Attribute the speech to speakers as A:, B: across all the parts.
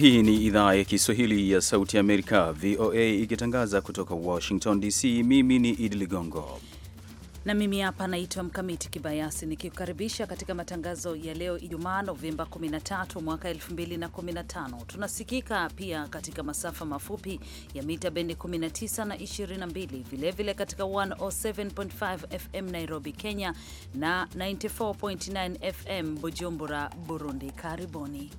A: Hii ni idhaa ya Kiswahili ya Sauti ya Amerika, VOA, ikitangaza kutoka Washington DC. Mimi ni Idi Ligongo
B: na mimi hapa naitwa Mkamiti Kibayasi nikikukaribisha katika matangazo ya leo Ijumaa Novemba 13 mwaka 2015. Tunasikika pia katika masafa mafupi ya mita bendi 19 na 22, vilevile katika 107.5 FM Nairobi, Kenya na 94.9 FM Bujumbura, Burundi. Karibuni.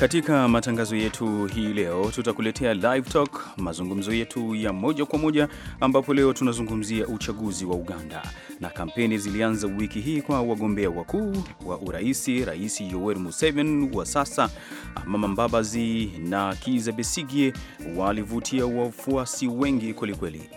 A: Katika matangazo yetu hii leo tutakuletea live talk, mazungumzo yetu ya moja kwa moja, ambapo leo tunazungumzia uchaguzi wa Uganda na kampeni zilianza wiki hii kwa wagombea wakuu wa uraisi, Rais Yoweri Museveni wa sasa, Mama Mbabazi na Kizza Besigye walivutia wafuasi wengi kwelikweli.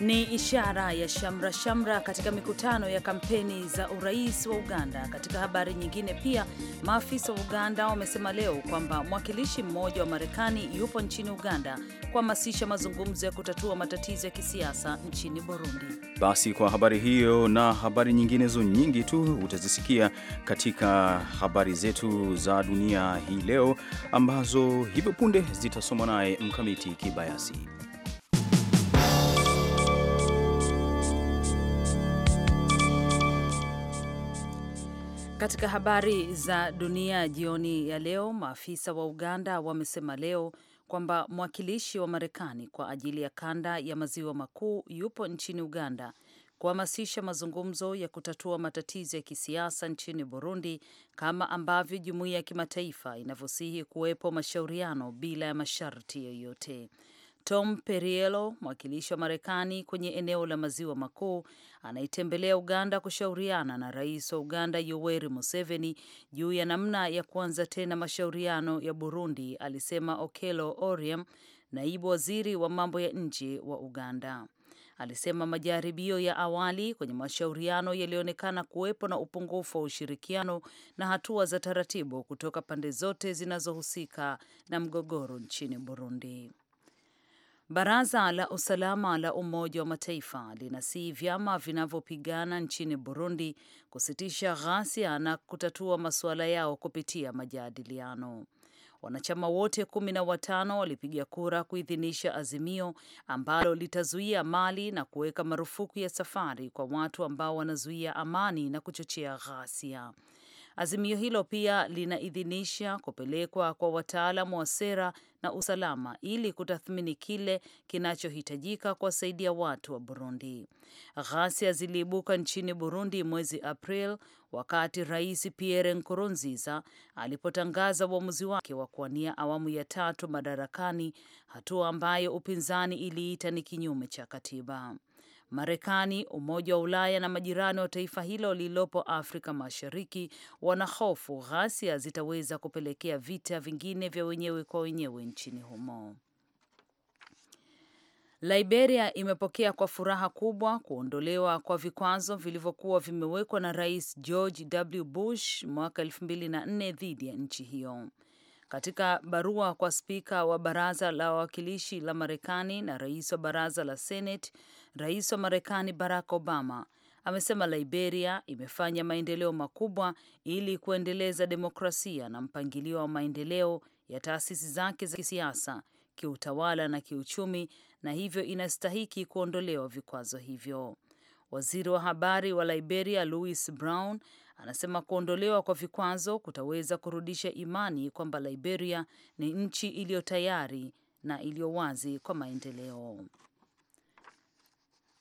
B: ni ishara ya shamra shamra katika mikutano ya kampeni za urais wa Uganda. Katika habari nyingine pia, maafisa wa Uganda wamesema leo kwamba mwakilishi mmoja wa Marekani yupo nchini Uganda kuhamasisha mazungumzo ya kutatua matatizo ya kisiasa nchini Burundi.
A: Basi kwa habari hiyo na habari nyinginezo nyingi tu utazisikia katika habari zetu za dunia hii leo, ambazo hivyo punde zitasomwa naye Mkamiti Kibayasi.
B: Katika habari za dunia jioni ya leo, maafisa wa Uganda wamesema leo kwamba mwakilishi wa Marekani kwa ajili ya kanda ya maziwa makuu yupo nchini Uganda kuhamasisha mazungumzo ya kutatua matatizo ya kisiasa nchini Burundi kama ambavyo jumuiya ya kimataifa inavyosihi kuwepo mashauriano bila ya masharti yoyote. Tom Perriello, mwakilishi wa Marekani kwenye eneo la maziwa makuu, anaitembelea Uganda kushauriana na rais wa Uganda Yoweri Museveni juu ya namna ya kuanza tena mashauriano ya Burundi, alisema Okello Oryem, naibu waziri wa mambo ya nje wa Uganda. Alisema majaribio ya awali kwenye mashauriano yalionekana kuwepo na upungufu wa ushirikiano na hatua za taratibu kutoka pande zote zinazohusika na mgogoro nchini Burundi. Baraza la Usalama la Umoja wa Mataifa linasihi vyama vinavyopigana nchini Burundi kusitisha ghasia na kutatua masuala yao kupitia majadiliano. Wanachama wote kumi na watano walipiga kura kuidhinisha azimio ambalo litazuia mali na kuweka marufuku ya safari kwa watu ambao wanazuia amani na kuchochea ghasia. Azimio hilo pia linaidhinisha kupelekwa kwa wataalamu wa sera na usalama ili kutathmini kile kinachohitajika kuwasaidia watu wa Burundi. Ghasia ziliibuka nchini Burundi mwezi April wakati Rais Pierre Nkurunziza alipotangaza uamuzi wake wa kuwania awamu ya tatu madarakani, hatua ambayo upinzani iliita ni kinyume cha katiba. Marekani, Umoja wa Ulaya na majirani wa taifa hilo lililopo Afrika Mashariki wanahofu ghasia zitaweza kupelekea vita vingine vya wenyewe kwa wenyewe nchini humo. Liberia imepokea kwa furaha kubwa kuondolewa kwa vikwazo vilivyokuwa vimewekwa na Rais George W. Bush mwaka 2004 dhidi ya nchi hiyo. Katika barua kwa spika wa baraza la wawakilishi la Marekani na rais wa baraza la Senate, Rais wa Marekani Barack Obama amesema Liberia imefanya maendeleo makubwa ili kuendeleza demokrasia na mpangilio wa maendeleo ya taasisi zake za kisiasa, kiutawala na kiuchumi, na hivyo inastahiki kuondolewa vikwazo hivyo. Waziri wa habari wa Liberia Louis Brown anasema kuondolewa kwa vikwazo kutaweza kurudisha imani kwamba Liberia ni nchi iliyo tayari na iliyo wazi kwa maendeleo.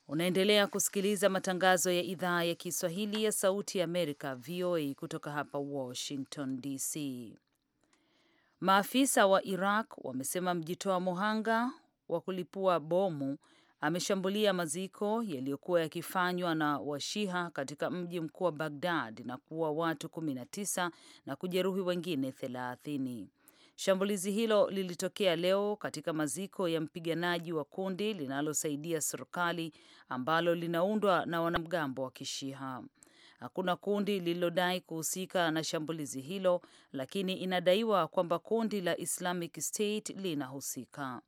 B: Unaendelea kusikiliza matangazo ya idhaa ya Kiswahili ya Sauti ya Amerika, VOA, kutoka hapa Washington DC. Maafisa wa Iraq wamesema mjitoa muhanga wa kulipua bomu ameshambulia maziko yaliyokuwa yakifanywa na Washiha katika mji mkuu wa Bagdad na kuua watu 19 na kujeruhi wengine 30. Shambulizi hilo lilitokea leo katika maziko ya mpiganaji wa kundi linalosaidia serikali ambalo linaundwa na wanamgambo wa Kishiha. Hakuna kundi lililodai kuhusika na shambulizi hilo, lakini inadaiwa kwamba kundi la Islamic State linahusika.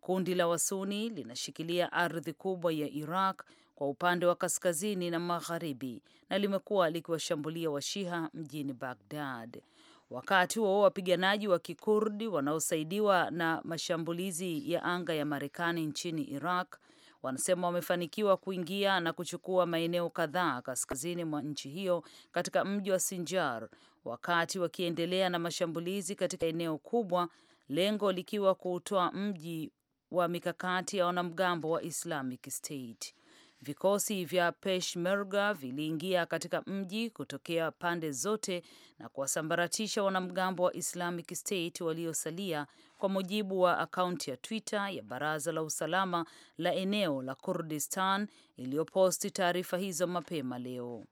B: Kundi la Wasuni linashikilia ardhi kubwa ya Iraq kwa upande wa kaskazini na magharibi na limekuwa likiwashambulia Washiha mjini Baghdad. Wakati huo wapiganaji wa Kikurdi wanaosaidiwa na mashambulizi ya anga ya Marekani nchini Iraq wanasema wamefanikiwa kuingia na kuchukua maeneo kadhaa kaskazini mwa nchi hiyo katika mji wa Sinjar, wakati wakiendelea na mashambulizi katika eneo kubwa, lengo likiwa kuutoa mji wa mikakati ya wanamgambo wa Islamic State. Vikosi vya Peshmerga viliingia katika mji kutokea pande zote na kuwasambaratisha wanamgambo wa Islamic State waliosalia, kwa mujibu wa akaunti ya Twitter ya Baraza la Usalama la eneo la Kurdistan iliyoposti taarifa hizo mapema leo.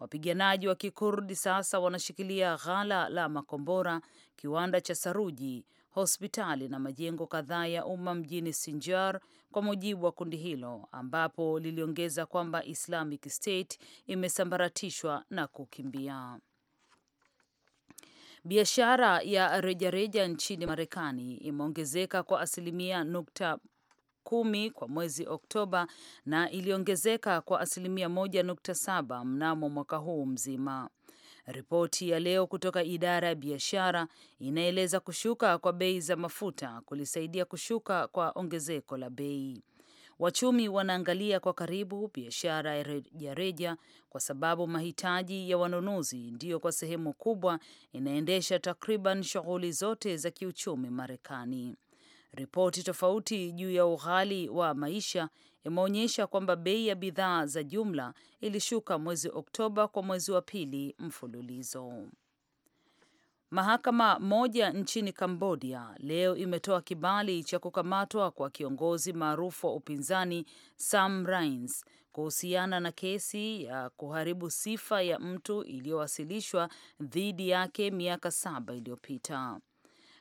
B: Wapiganaji wa Kikurdi sasa wanashikilia ghala la makombora, kiwanda cha saruji, hospitali na majengo kadhaa ya umma mjini Sinjar, kwa mujibu wa kundi hilo, ambapo liliongeza kwamba Islamic State imesambaratishwa na kukimbia. Biashara ya rejareja nchini Marekani imeongezeka kwa asilimia nukta kumi kwa mwezi Oktoba na iliongezeka kwa asilimia moja nukta saba mnamo mwaka huu mzima. Ripoti ya leo kutoka idara ya biashara inaeleza kushuka kwa bei za mafuta kulisaidia kushuka kwa ongezeko la bei. Wachumi wanaangalia kwa karibu biashara ya rejareja kwa sababu mahitaji ya wanunuzi ndiyo kwa sehemu kubwa inaendesha takriban shughuli zote za kiuchumi Marekani. Ripoti tofauti juu ya ughali wa maisha imeonyesha kwamba bei ya bidhaa za jumla ilishuka mwezi Oktoba kwa mwezi wa pili mfululizo. Mahakama moja nchini Kambodia leo imetoa kibali cha kukamatwa kwa kiongozi maarufu wa upinzani Sam Rainsy kuhusiana na kesi ya kuharibu sifa ya mtu iliyowasilishwa dhidi yake miaka saba iliyopita.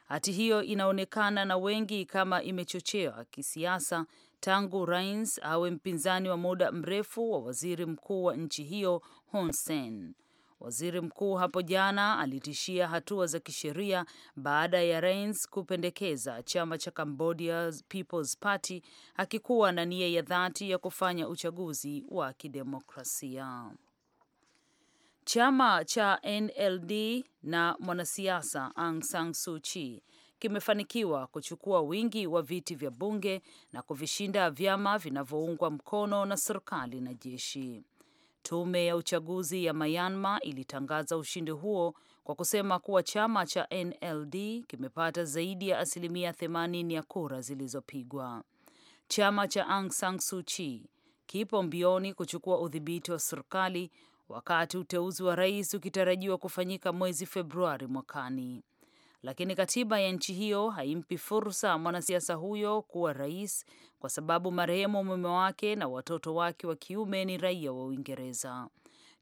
B: Hati hiyo inaonekana na wengi kama imechochewa kisiasa tangu rains awe mpinzani wa muda mrefu wa waziri mkuu wa nchi hiyo Hun Sen. Waziri mkuu hapo jana alitishia hatua za kisheria baada ya Rains kupendekeza chama cha Cambodia People's Party akikuwa na nia ya dhati ya kufanya uchaguzi wa kidemokrasia. Chama cha NLD na mwanasiasa Aung San Suu Kyi kimefanikiwa kuchukua wingi wa viti vya bunge na kuvishinda vyama vinavyoungwa mkono na serikali na jeshi. Tume ya uchaguzi ya Myanmar ilitangaza ushindi huo kwa kusema kuwa chama cha NLD kimepata zaidi ya asilimia 80 ya kura zilizopigwa. Chama cha Aung San Suu Kyi kipo mbioni kuchukua udhibiti wa serikali wakati uteuzi wa rais ukitarajiwa kufanyika mwezi Februari mwakani lakini katiba ya nchi hiyo haimpi fursa mwanasiasa huyo kuwa rais kwa sababu marehemu mume wake na watoto wake wa kiume ni raia wa Uingereza.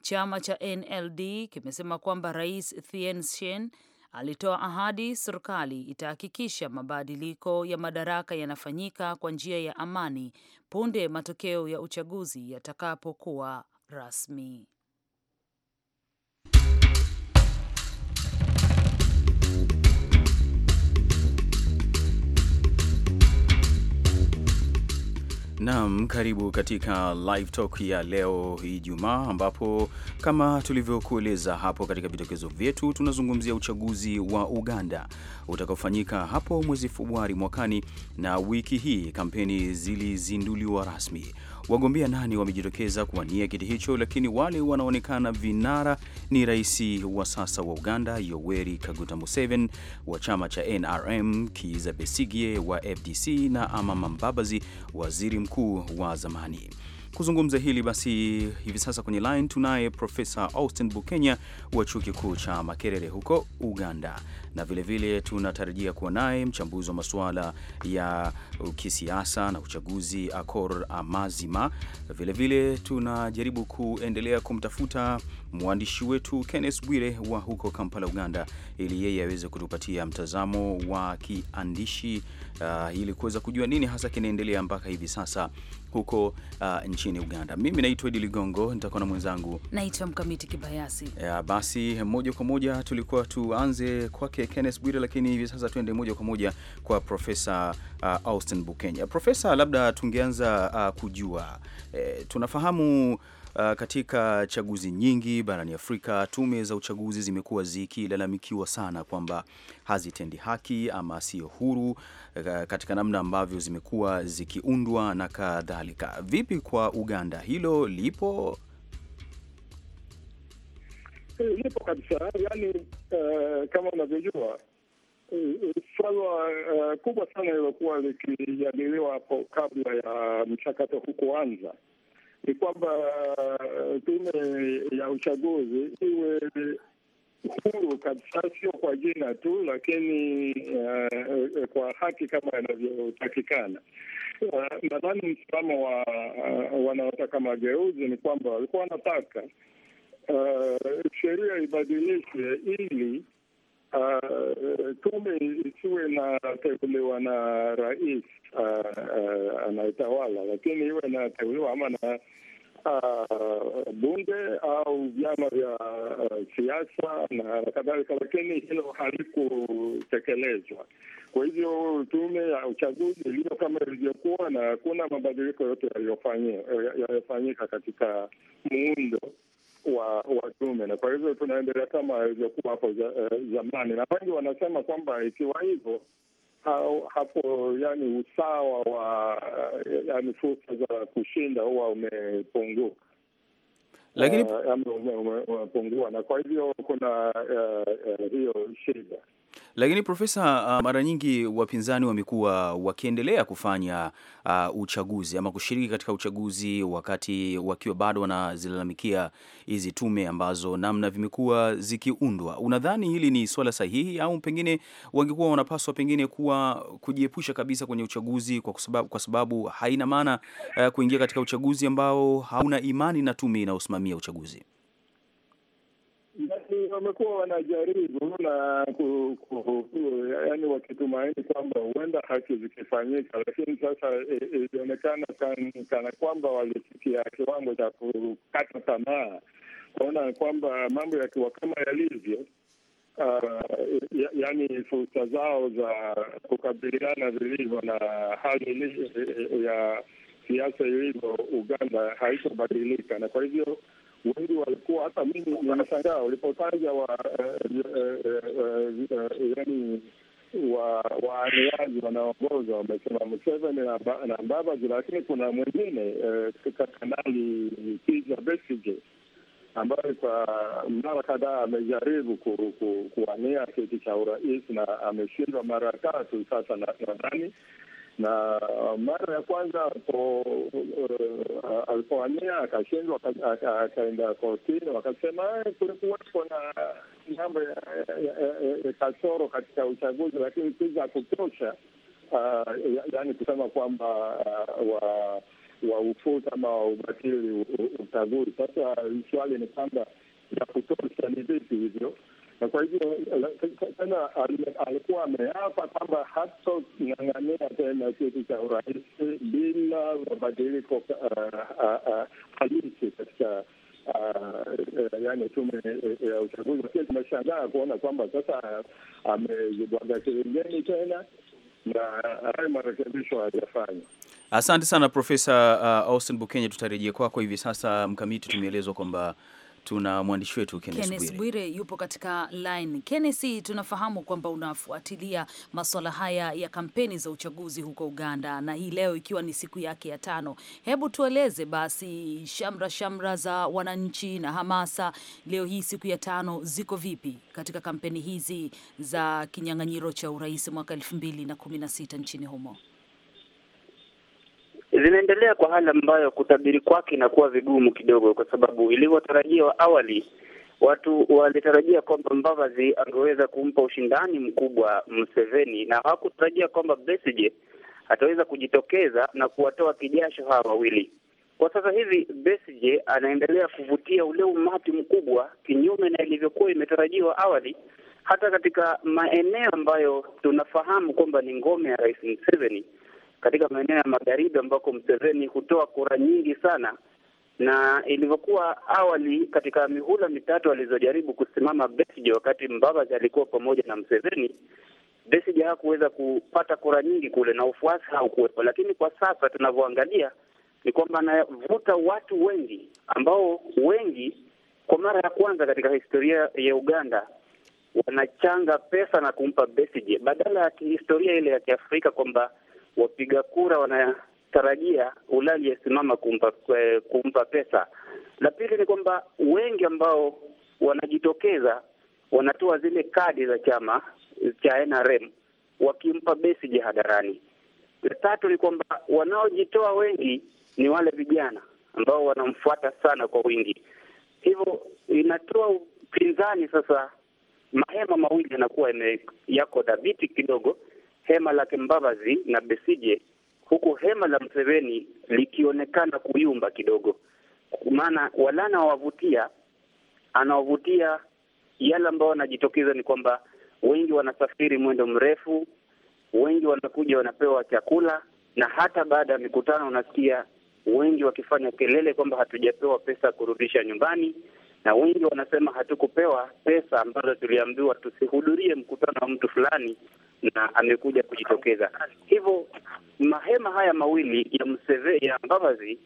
B: Chama cha NLD kimesema kwamba Rais Thein Sein alitoa ahadi serikali itahakikisha mabadiliko ya madaraka yanafanyika kwa njia ya amani punde matokeo ya uchaguzi yatakapokuwa rasmi.
A: Naam, karibu katika live talk ya leo Ijumaa, ambapo kama tulivyokueleza hapo katika vitokezo vyetu tunazungumzia uchaguzi wa Uganda utakaofanyika hapo mwezi Februari mwakani, na wiki hii kampeni zilizinduliwa rasmi. Wagombea nane wamejitokeza kuwania kiti hicho, lakini wale wanaonekana vinara ni rais wa sasa wa Uganda Yoweri Kaguta Museveni wa chama cha NRM, Kiza Besigye wa FDC na Amama Mbabazi, waziri mkuu wa zamani. Kuzungumza hili basi, hivi sasa kwenye line tunaye Profesa Austin Bukenya wa chuo kikuu cha Makerere huko Uganda, na vilevile tunatarajia kuwa naye mchambuzi wa masuala ya kisiasa na uchaguzi Akor Amazima. Vilevile tunajaribu kuendelea kumtafuta mwandishi wetu Kenneth Bwire wa huko Kampala, Uganda, ili yeye aweze kutupatia mtazamo wa kiandishi uh, ili kuweza kujua nini hasa kinaendelea mpaka hivi sasa huko uh, nchini Uganda. Mimi naitwa Idi Ligongo, nitakuwa na mwenzangu
B: naitwa Mkamiti Kibayasi.
A: Ya, basi moja kwa moja tulikuwa tuanze kwake Kenneth Bwire, lakini hivi sasa tuende moja kwa moja kwa Profesa uh, Austin Bukenya. Profesa, labda tungeanza uh, kujua eh, tunafahamu Uh, katika chaguzi nyingi barani Afrika, tume za uchaguzi zimekuwa zikilalamikiwa sana kwamba hazitendi haki ama sio huru uh, katika namna ambavyo zimekuwa zikiundwa na kadhalika. Vipi kwa Uganda, hilo lipo?
C: Lipo
D: kabisa, yaani uh, kama unavyojua eh, swala uh, kubwa sana lilokuwa likijadiliwa hapo kabla ya mchakato kuanza ni kwamba eh, tume ya uchaguzi iwe huru kabisa, sio kwa jina tu, lakini uh, kwa haki kama inavyotakikana. Uh, nadhani msimamo wa uh, wanaotaka mageuzi ni kwamba walikuwa wanataka uh, sheria ibadilishwe ili Uh, tume isiwe inateuliwa na rais uh, uh, anayetawala, lakini iwe inateuliwa ama na uh, bunge au vyama vya uh, siasa na kadhalika, lakini hilo halikutekelezwa. Kwa hivyo tume ya uchaguzi iliyo kama ilivyokuwa, na hakuna mabadiliko yote yaliyofanyika katika muundo wa tume, na kwa hivyo tunaendelea kama ilivyokuwa hapo eh, zamani, na wengi wanasema kwamba ikiwa hivyo hapo yani usawa wa eh, yani fursa za kushinda huwa umepunguka, lakini uh, umepungua, na kwa hivyo kuna uh, uh, hiyo shida.
A: Lakini profesa, uh, mara nyingi wapinzani wamekuwa wakiendelea kufanya uh, uchaguzi ama kushiriki katika uchaguzi wakati wakiwa bado wanazilalamikia hizi tume ambazo namna vimekuwa zikiundwa. Unadhani hili ni swala sahihi au pengine wangekuwa wanapaswa pengine kuwa kujiepusha kabisa kwenye uchaguzi kwa sababu, kwa sababu haina maana uh, kuingia katika uchaguzi ambao hauna imani na tume inayosimamia uchaguzi?
D: wamekuwa wanajaribu na ku, ku, ku, yani wakitumaini kwamba huenda haki zikifanyika, lakini sasa ilionekana e, e, kana kwamba walifikia kiwango cha kukata tamaa, kuona kwamba mambo yakiwa kama yalivyo Uh, yani fursa zao za kukabiliana vilivyo na hali e, e, ya siasa ilivyo Uganda haitobadilika, na kwa hivyo wengi walikuwa, hata mimi wanashangaa walipotaja eh, eh, eh, yani waaniaji wanaongoza wamesema Museveni na Mbabazi, lakini kuna mwingine Kanali Kizza Besigye ambaye kwa mara kadhaa amejaribu kuwania kiti cha urais na ameshindwa mara tatu. Sasa nadhani na mara ya kwanza alipoania eh, akashindwa, akaenda kortini, wakasema eh, kulikuwepo na mambo ya kasoro katika uchaguzi, lakini si za kutosha, eh, yaani kusema kwamba wa waufuta ama waubatili uchaguzi. Sasa swali ni kwamba ya kutosha ni vipi hivyo? na kwa hivyo tena alikuwa ameapa kwamba hatong'ang'ania tena kiti cha urais bila mabadiliko uh, uh, uh, halisi katika yani tume ya uchaguzi. Lakini tumeshangaa kuona kwamba sasa amezibwaga kilingeni tena na
B: hayo marekebisho hayajafanywa.
A: Asante sana Profesa Austin Bukenya, tutarejea kwako hivi sasa. Mkamiti, tumeelezwa kwamba tuna mwandishi wetu
B: Bwire yupo katika line. Kennes, tunafahamu kwamba unafuatilia masuala haya ya kampeni za uchaguzi huko Uganda, na hii leo ikiwa ni siku yake ya tano, hebu tueleze basi shamra shamra za wananchi na hamasa leo hii siku ya tano ziko vipi katika kampeni hizi za kinyang'anyiro cha urais mwaka elfu mbili na kumi na sita nchini humo?
E: zinaendelea kwa hali ambayo kutabiri kwake inakuwa vigumu kidogo, kwa sababu ilivyotarajiwa awali watu walitarajia kwamba Mbavazi angeweza kumpa ushindani mkubwa Museveni, na hawakutarajia kwamba Besigye ataweza kujitokeza na kuwatoa kijasho hawa wawili. Kwa sasa hivi Besigye anaendelea kuvutia ule umati mkubwa, kinyume na ilivyokuwa imetarajiwa awali, hata katika maeneo ambayo tunafahamu kwamba ni ngome ya Rais Museveni katika maeneo ya magharibi ambako mseveni hutoa kura nyingi sana, na ilivyokuwa awali katika mihula mitatu alizojaribu kusimama Besigye, wakati Mbabazi alikuwa pamoja na Mseveni, Besigye hakuweza kupata kura nyingi kule na ufuasi haukuwepo, lakini kwa sasa tunavyoangalia ni kwamba anavuta watu wengi ambao wengi kwa mara ya kwanza katika historia ya Uganda wanachanga pesa na kumpa Besigye badala ya kihistoria ile ya Kiafrika kwamba wapiga kura wanatarajia ulali yasimama kumpa, eh, kumpa pesa. La pili ni kwamba wengi ambao wanajitokeza wanatoa zile kadi za chama cha NRM wakimpa besi hadarani. La tatu ni kwamba wanaojitoa wengi ni wale vijana ambao wanamfuata sana kwa wingi, hivyo inatoa upinzani sasa. Mahema mawili yanakuwa yako dhabiti kidogo hema lake Mbabazi na Besije, huku hema la Mseveni likionekana kuyumba kidogo, maana wala anawavutia anawavutia yale ambao wanajitokeza ni kwamba wengi wanasafiri mwendo mrefu, wengi wanakuja wanapewa chakula, na hata baada ya mikutano unasikia wengi wakifanya kelele kwamba hatujapewa pesa kurudisha nyumbani, na wengi wanasema hatukupewa pesa ambazo tuliambiwa tusihudhurie mkutano wa mtu fulani, na amekuja kujitokeza. Hivyo mahema haya mawili ya Mseveni, ya Mbabazi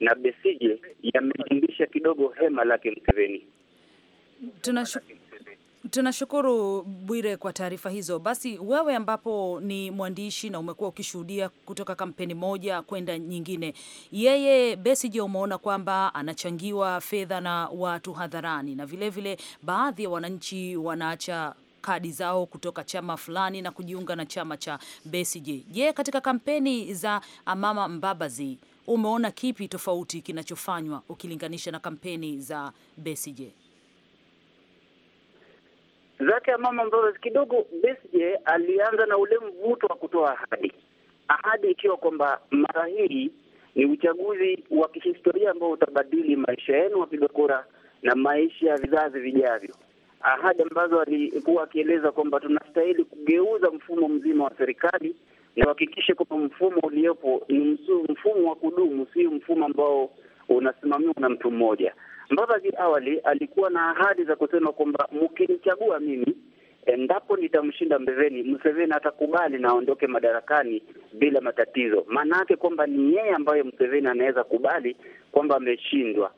E: na Besije yamejimbisha kidogo hema lake Mseveni.
B: Tunashukuru. Tunashukuru Bwire kwa taarifa hizo. Basi wewe, ambapo ni mwandishi na umekuwa ukishuhudia kutoka kampeni moja kwenda nyingine, yeye Besigye, umeona kwamba anachangiwa fedha na watu hadharani, na vilevile vile, baadhi ya wananchi wanaacha kadi zao kutoka chama fulani na kujiunga na chama cha Besigye. Je, katika kampeni za Amama Mbabazi umeona kipi tofauti kinachofanywa ukilinganisha na kampeni za Besigye?
E: zake mama Mbabazi kidogo, Besigye alianza na ule mvuto wa kutoa ahadi, ahadi ikiwa kwamba mara hii ni uchaguzi wa kihistoria ambao utabadili maisha yenu wapiga kura na maisha ya vizazi vijavyo ahadi ambazo alikuwa akieleza kwamba tunastahili kugeuza mfumo mzima wa serikali na uhakikishe kwamba mfumo uliopo ni mfumo wa kudumu, si mfumo ambao unasimamiwa na mtu mmoja. Mbabazi awali alikuwa na ahadi za kusema kwamba mkinichagua mimi, endapo nitamshinda Mbeveni, Mseveni atakubali na aondoke madarakani bila matatizo. Maana yake kwamba ni yeye ambaye Mseveni anaweza kubali kwamba ameshindwa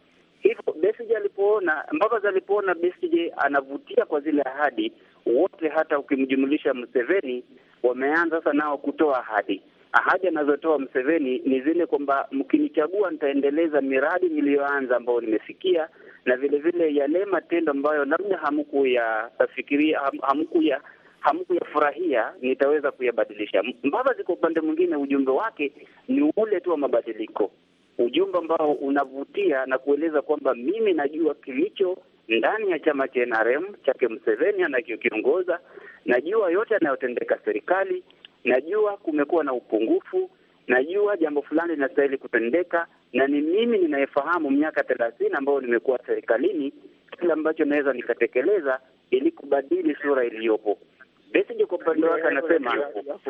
E: Hivyo Besigye alipoona Mbabazi alipoona Besigye anavutia kwa zile ahadi, wote hata ukimjumlisha mseveni wameanza sasa nao kutoa ahadi. Ahadi anazotoa mseveni ni zile kwamba mkinichagua, nitaendeleza miradi niliyoanza ambayo nimefikia, na vile vile yale matendo ambayo labda hamkuyafikiria, hamkuya hamkuyafurahia nitaweza kuyabadilisha. Mbabazi kwa upande mwingine, ujumbe wake ni ule tu wa mabadiliko, ujumbe ambao unavutia na kueleza kwamba mimi najua kilicho ndani ya chama cha NRM chake Museveni anachokiongoza, najua yote yanayotendeka serikali, najua kumekuwa na upungufu, najua jambo fulani linastahili kutendeka, na ni mimi ninayefahamu miaka thelathini ambayo nimekuwa serikalini, kile ambacho naweza nikatekeleza ili kubadili sura iliyopo. Besigye kwa upande wake anasema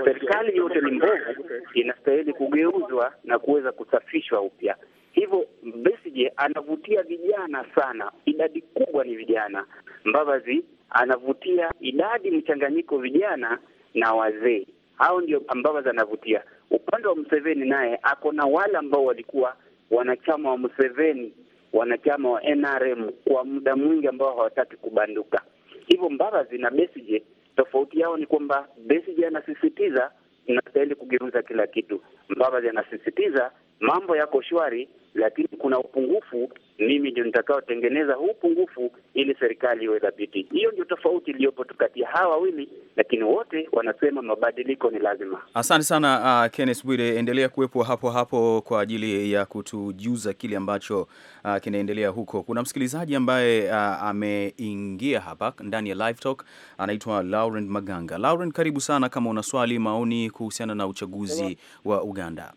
E: serikali yote ni mbovu, inastahili kugeuzwa na kuweza kusafishwa upya. Hivyo Besigye anavutia vijana sana, idadi kubwa ni vijana. Mbavazi anavutia idadi mchanganyiko vijana na wazee, hao ndio Mbavazi anavutia. Upande wa Museveni naye ako na wale ambao walikuwa wanachama wa Museveni, wanachama wa NRM kwa muda mwingi ambao hawataki kubanduka. Hivyo Mbavazi na Besigye Tofauti yao ni kwamba Besigye anasisitiza inastahili kugeuza kila kitu. Mbabazi anasisitiza mambo yako shwari, lakini kuna upungufu mimi ndio nitakaotengeneza huu pungufu ili serikali iwe dhabiti. Hiyo ndio tofauti iliyopo kati ya hawa wawili, lakini wote wanasema mabadiliko ni lazima.
A: Asante sana uh, Kenneth Bwire, endelea kuwepo hapo hapo kwa ajili ya kutujuza kile ambacho uh, kinaendelea huko. Kuna msikilizaji ambaye uh, ameingia hapa ndani ya live talk, anaitwa Laurent Maganga. Laurent, karibu sana, kama una swali, maoni kuhusiana na uchaguzi wa Uganda.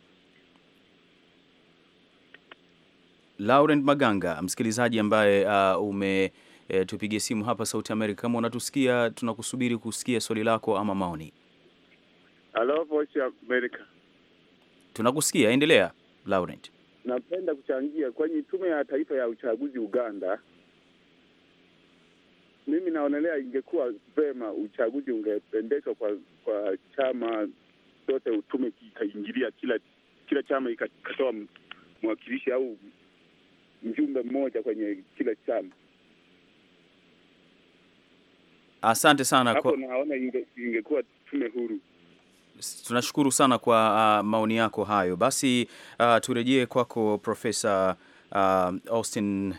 A: Laurent Maganga, msikilizaji ambaye uh, ume e, simu hapa Sauti Amerika. Kama unatusikia, tunakusubiri kusikia swali lako ama maoni.
D: Hello, Voice of America.
A: Tunakusikia, endelea Laurent.
D: Napenda kuchangia kwenye tume ya taifa ya uchaguzi Uganda. Mimi naonelea ingekuwa vema uchaguzi ungependeshwa kwa kwa chama zote, utume kikaingilia kila kila chama ikatoa mwakilishi au mjumbe mmoja kwenye kila chama.
A: Asante sana hapo kwa...
D: naona inge, ingekuwa tume huru.
A: Tunashukuru sana kwa uh, maoni yako hayo. Basi uh, turejee kwako Profesa uh, Austin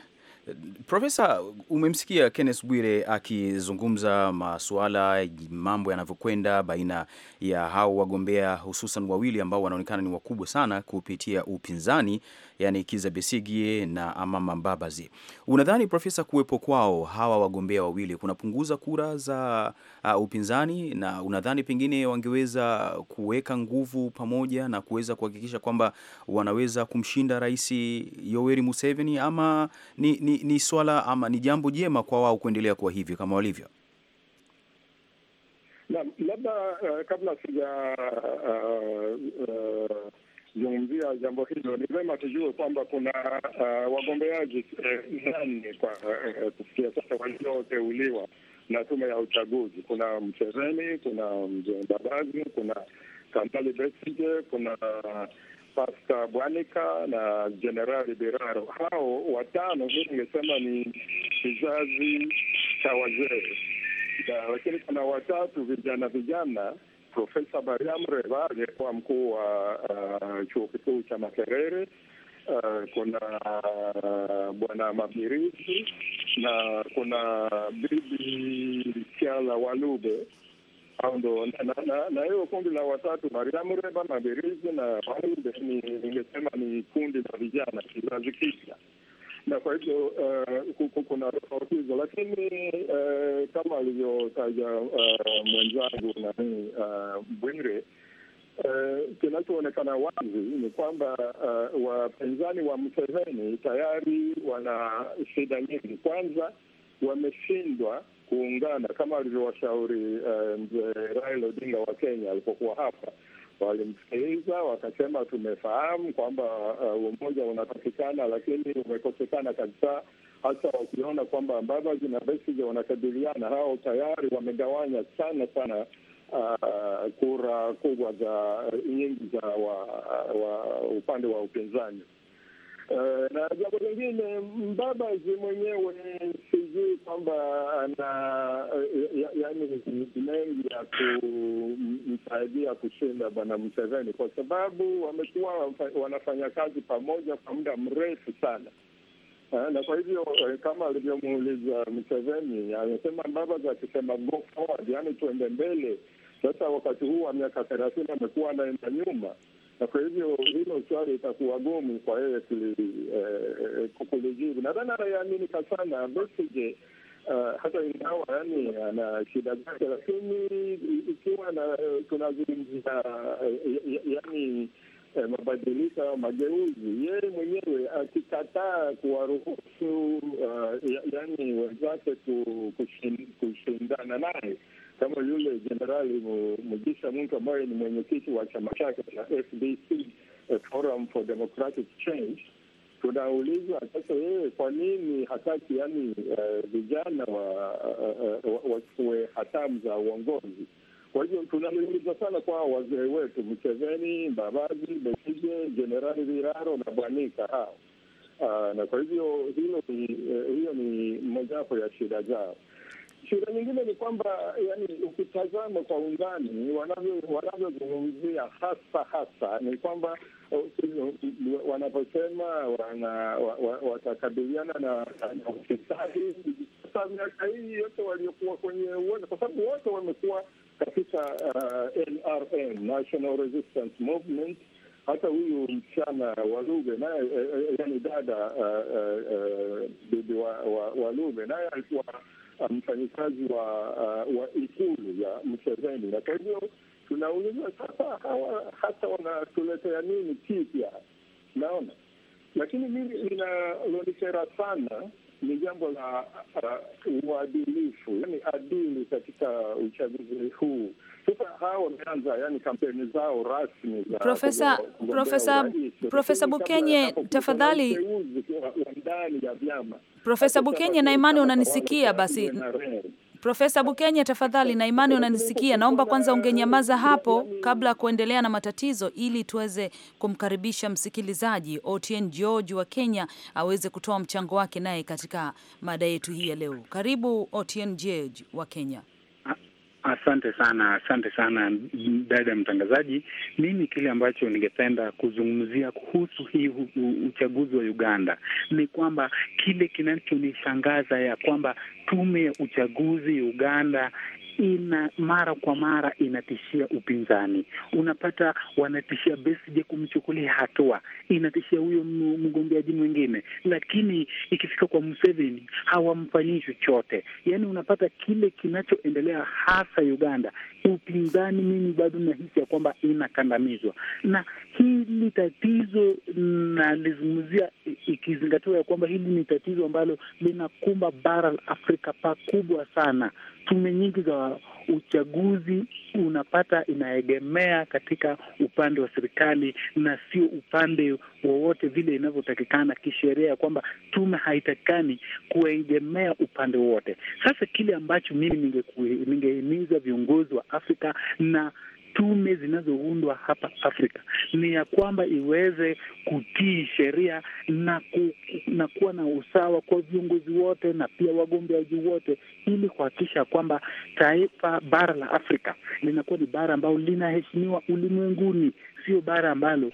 A: Profesa, umemsikia Kenneth Bwire akizungumza masuala mambo yanavyokwenda baina ya hao wagombea hususan wawili ambao wanaonekana ni wakubwa sana kupitia upinzani, yani Kiza Besigye na Amama Mbabazi. Unadhani profesa, kuwepo kwao hawa wagombea wawili kunapunguza kura za uh, upinzani na unadhani pengine wangeweza kuweka nguvu pamoja na kuweza kuhakikisha kwamba wanaweza kumshinda Rais Yoweri Museveni ama ni, ni ni, swala ama ni jambo jema kwa wao kuendelea kuwa hivyo kama walivyo?
D: Naam, labda uh, kabla sija uh, uh, jambo hilo, ni vema tujue kwamba kuna uh, wagombeaji nane kwa uh, kufikia sasa walioteuliwa na tume ya uchaguzi. Kuna Msereni, kuna Mzee Mbabazi, kuna Kambale Besigye, kuna Pasta Bwanika na Jenerali Biraro. Hao watano mi ningesema ni kizazi cha wazee, lakini kuna watatu vijana vijana Profesa Mariam Reva aliyekuwa mkuu wa uh, chuo kikuu cha Makerere. Uh, kuna uh, bwana Mabirizi na kuna bibi Kiala Walube au ndo na hiyo kundi la watatu Mariamu Reba mabirizi na Waunde, ningesema ni kundi la vijana kizazi kipya, na kwa hivyo eh, kuna roho hizo, lakini eh, kama alivyotaja eh, mwenzangu nani Bwire, kinachoonekana wazi ni kwamba wapinzani wa Mseveni tayari wana shida nyingi. Kwanza wameshindwa kuungana kama alivyowashauri uh, mzee Raila Odinga wa Kenya alipokuwa hapa. Walimsikiliza wakasema, tumefahamu kwamba uh, umoja unapatikana, lakini umekosekana kabisa, hasa wakiona kwamba Mbabazi na Besigye wanakabiliana. Hao tayari wamegawanya sana sana uh, kura kubwa za nyingi za wa, wa upande wa upinzani. Eh, na jambo lingine Mbabazi mwenyewe sijui kwamba ana yaani mengi ya kumsaidia kushinda bwana mseveni kwa sababu wamekuwa wanafanya kazi pamoja kwa muda mrefu sana eh, na kwa hivyo kama alivyomuuliza mseveni amesema Mbabazi akisema go forward, yaani tuende mbele. Sasa wakati huu wa miaka thelathini amekuwa anaenda nyuma na kwa hivyo hilo swali itakuwa gumu kwa yeye eh, eh, kulijibu. Nadhani anaiaminika sana Besigye eh, hata ingawa yani ana shida zake, lakini ikiwa tunazungumzia yani mabadiliko ya mageuzi, yeye mwenyewe akikataa kuwaruhusu yani wenzake kushindana naye kama yule Jenerali Mugisha Muntu ambaye ni mwenyekiti wa chama chake cha FDC, Forum for Democratic Change. Tunaulizwa sasa, yeye kwa nini hataki yani eh, vijana uh, wachukue uh, uh, hatamu za uongozi? Kwa hivyo tunaliuliza sana kwa wazee wetu Mseveni, Mbabazi, Besigye, Jenerali Viraro na Bwanika hao uh, na kwa hivyo hilo ni, hiyo ni mojawapo ya shida zao. Shida nyingine ni kwamba yani, ukitazama kwa undani wanavyozungumzia wanavyo hasa hasa ni kwamba uh, wanaposema wana, watakabiliana na ufisadi, sasa miaka hii yote waliokuwa kwenye uwezo, kwa sababu wote wamekuwa katika uh, NRM, National Resistance Movement. Hata huyu msichana Waluge naye, eh, eh, yani dada uh, uh, bibi wa, Waluge naye alikuwa mfanyikazi wa uh, wa ikulu ya Mseveni, na kwa hivyo tunauliza sasa, hawa hata wanatuletea nini kipya? Naona lakini mimi linalonikera sana ni jambo la uh, uadilifu, yani adili katika uchaguzi huu sasa hao wameanza yani kampeni zao rasmi za Profesa Profesa Profesa Bukenye, tafadhali
B: ndani ya vyama. Profesa Bukenye na imani unanisikia basi Profesa Bukenye tafadhali, na imani unanisikia, naomba kwanza ungenyamaza hapo kabla ya kuendelea na matatizo, ili tuweze kumkaribisha msikilizaji otn George wa Kenya aweze kutoa mchango wake naye katika mada yetu hii ya leo. Karibu otn George wa Kenya.
C: Asante sana, asante sana dada mtangazaji. Mimi kile ambacho ningependa kuzungumzia kuhusu hii uchaguzi wa Uganda ni kwamba kile kinachonishangaza ya kwamba tume ya uchaguzi Uganda ina mara kwa mara inatishia upinzani, unapata wanatishia Besigye kumchukulia hatua, inatishia huyo mgombeaji mwingine, lakini ikifika kwa Museveni hawamfanyii chochote. Yani unapata kile kinachoendelea hasa Uganda, upinzani, mimi bado nahisi ya kwamba inakandamizwa, na hili tatizo nalizungumzia ikizingatiwa ya kwamba hili ni tatizo ambalo linakumba bara la Afrika pakubwa sana. Tume nyingi za uchaguzi unapata inaegemea katika upande wa serikali na sio upande wowote vile inavyotakikana kisheria, ya kwamba tume haitakikani kuegemea upande wowote. Sasa kile ambacho mimi ningehimiza viongozi wa Afrika na tume zinazoundwa hapa Afrika ni ya kwamba iweze kutii sheria na, ku, na kuwa na usawa kwa viongozi wote na pia wagombeaji wote, ili kuhakikisha kwamba taifa bara la Afrika linakuwa ni bara ambalo linaheshimiwa ulimwenguni, sio bara ambalo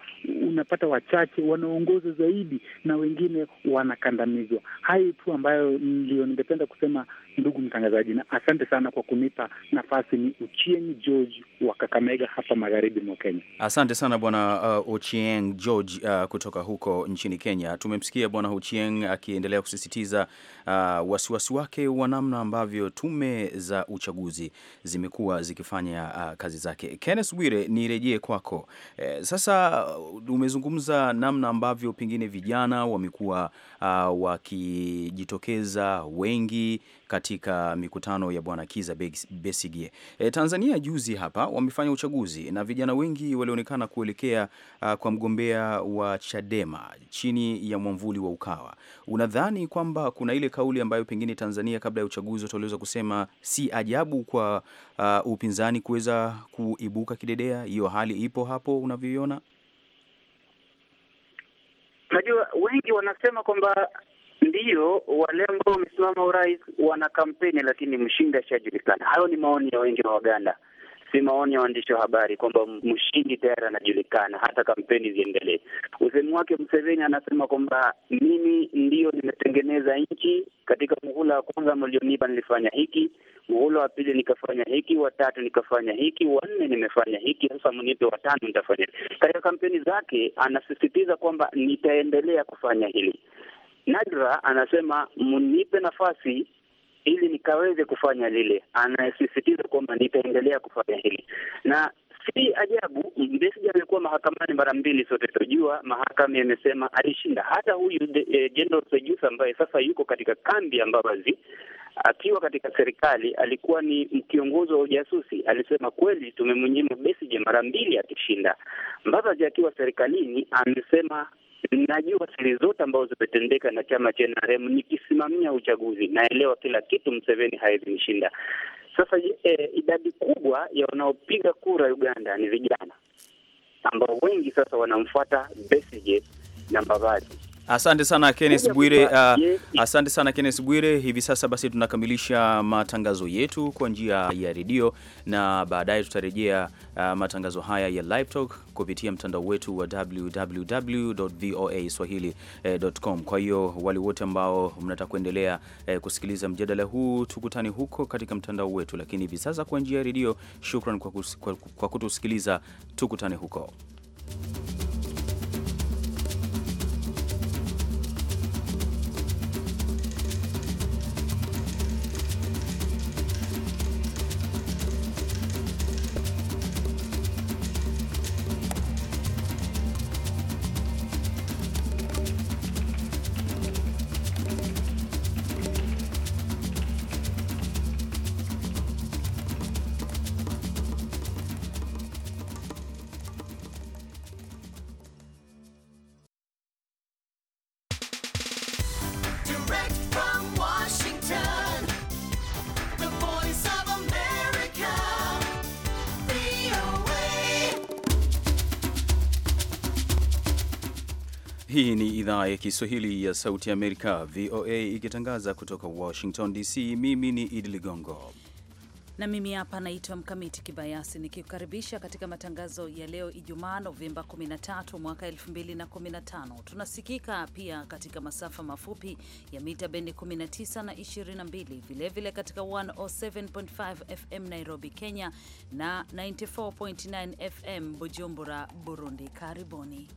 C: unapata wachache wanaongoza zaidi na wengine wanakandamizwa. Hayo tu ambayo ndio ningependa kusema ndugu mtangazaji, na asante sana kwa kunipa nafasi. Ni Uchieng George wa Kakamega hapa magharibi mwa Kenya.
A: Asante sana bwana uh, Uchieng George uh, kutoka huko nchini Kenya. Tumemsikia bwana Uchieng akiendelea kusisitiza uh, wasiwasi wake wa namna ambavyo tume za uchaguzi zimekuwa zikifanya uh, kazi zake. Kenneth Bwire, nirejee kwako. Eh, sasa uh, umezungumza namna ambavyo pengine vijana wamekuwa uh, wakijitokeza wengi katika mikutano ya bwana Kiza Besigye. E, Tanzania juzi hapa wamefanya uchaguzi na vijana wengi walionekana kuelekea uh, kwa mgombea wa Chadema chini ya mwamvuli wa Ukawa. Unadhani kwamba kuna ile kauli ambayo pengine Tanzania kabla ya uchaguzi utaliweza kusema si ajabu kwa uh, upinzani kuweza kuibuka kidedea? Hiyo hali ipo hapo unavyoiona?
E: najua wengi wanasema kwamba Ndiyo, wale ambao wamesimama urais wana kampeni, lakini mshindi ashajulikana. Hayo ni maoni ya wengi wa Waganda, si maoni ya waandishi wa habari kwamba mshindi tayari anajulikana, hata kampeni ziendelee. Usemi wake Mseveni anasema kwamba mimi ndiyo nimetengeneza nchi, katika muhula wa kwanza mlioniba nilifanya hiki, muhula wa pili nikafanya hiki, watatu nikafanya hiki, wanne nimefanya hiki, sasa mnipe watano nitafanya. Katika kampeni zake anasisitiza kwamba nitaendelea kufanya hili. Nadra anasema mnipe nafasi ili nikaweze kufanya lile. Anasisitiza kwamba nitaendelea kufanya hili, na si ajabu Besigye amekuwa mahakamani mara mbili, sote tujua mahakama imesema alishinda. Hata huyu eh, General Sejusa ambaye sasa yuko katika kambi ya Mbabazi akiwa katika serikali alikuwa ni kiongozi wa ujasusi. Alisema kweli tumemnyima Besigye mara mbili akishinda. Mbabazi akiwa serikalini amesema najua siri zote ambazo zimetendeka na chama cha NRM. Nikisimamia uchaguzi, naelewa kila kitu, Mseveni hawezi mshinda. Sasa eh, idadi kubwa ya wanaopiga kura Uganda ni vijana ambao wengi sasa wanamfuata Besigye na Mbabazi.
A: Asante sana Kenneth Bwire, uh, asante sana Kenneth Bwire. Hivi sasa basi tunakamilisha matangazo yetu kwa njia ya redio, na baadaye tutarejea uh, matangazo haya ya live talk kupitia mtandao wetu wa www.voaswahili.com. Kwa hiyo wale wote ambao mnataka kuendelea uh, eh, kusikiliza mjadala huu, tukutane huko katika mtandao wetu, lakini hivi sasa kwa njia ya redio. Shukran kwa, kwa kutusikiliza, tukutane huko. Hii ni idhaa ya Kiswahili ya Sauti Amerika, VOA, ikitangaza kutoka Washington DC. Mimi ni Idi Ligongo
B: na mimi hapa naitwa Mkamiti Kibayasi nikikukaribisha katika matangazo ya leo Ijumaa Novemba 13 mwaka 2015. Tunasikika pia katika masafa mafupi ya mita bendi 19 na 22, vilevile katika 107.5 FM Nairobi, Kenya na 94.9 FM Bujumbura, Burundi. Karibuni.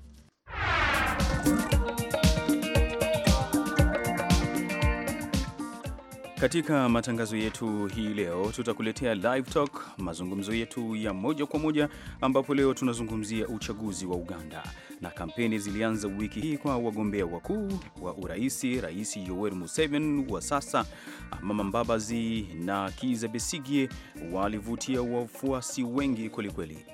A: Katika matangazo yetu hii leo tutakuletea live talk, mazungumzo yetu ya moja kwa moja, ambapo leo tunazungumzia uchaguzi wa Uganda na kampeni zilianza wiki hii kwa wagombea wakuu wa uraisi, Rais Yoweri Museveni wa sasa, Mama Mbabazi na Kizza Besigye walivutia wafuasi wengi kwelikweli.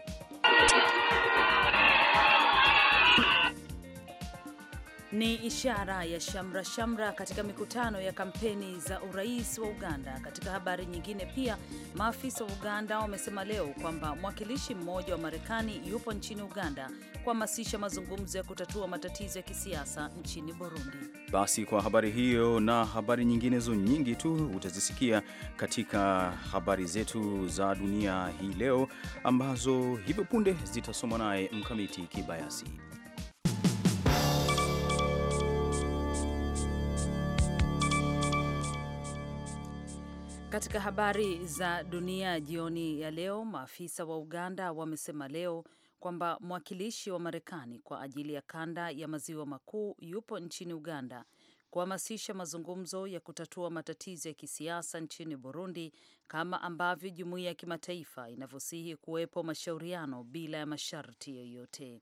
B: ni ishara ya shamra shamra katika mikutano ya kampeni za urais wa Uganda. Katika habari nyingine pia, maafisa wa Uganda wamesema leo kwamba mwakilishi mmoja wa Marekani yupo nchini Uganda kuhamasisha mazungumzo ya kutatua matatizo ya kisiasa nchini Burundi.
A: Basi kwa habari hiyo na habari nyinginezo nyingi tu utazisikia katika habari zetu za dunia hii leo ambazo hivyo punde zitasomwa naye Mkamiti Kibayasi.
B: Katika habari za dunia jioni ya leo, maafisa wa Uganda wamesema leo kwamba mwakilishi wa Marekani kwa ajili ya kanda ya maziwa makuu yupo nchini Uganda kuhamasisha mazungumzo ya kutatua matatizo ya kisiasa nchini Burundi kama ambavyo jumuiya ya kimataifa inavyosihi kuwepo mashauriano bila ya masharti yoyote.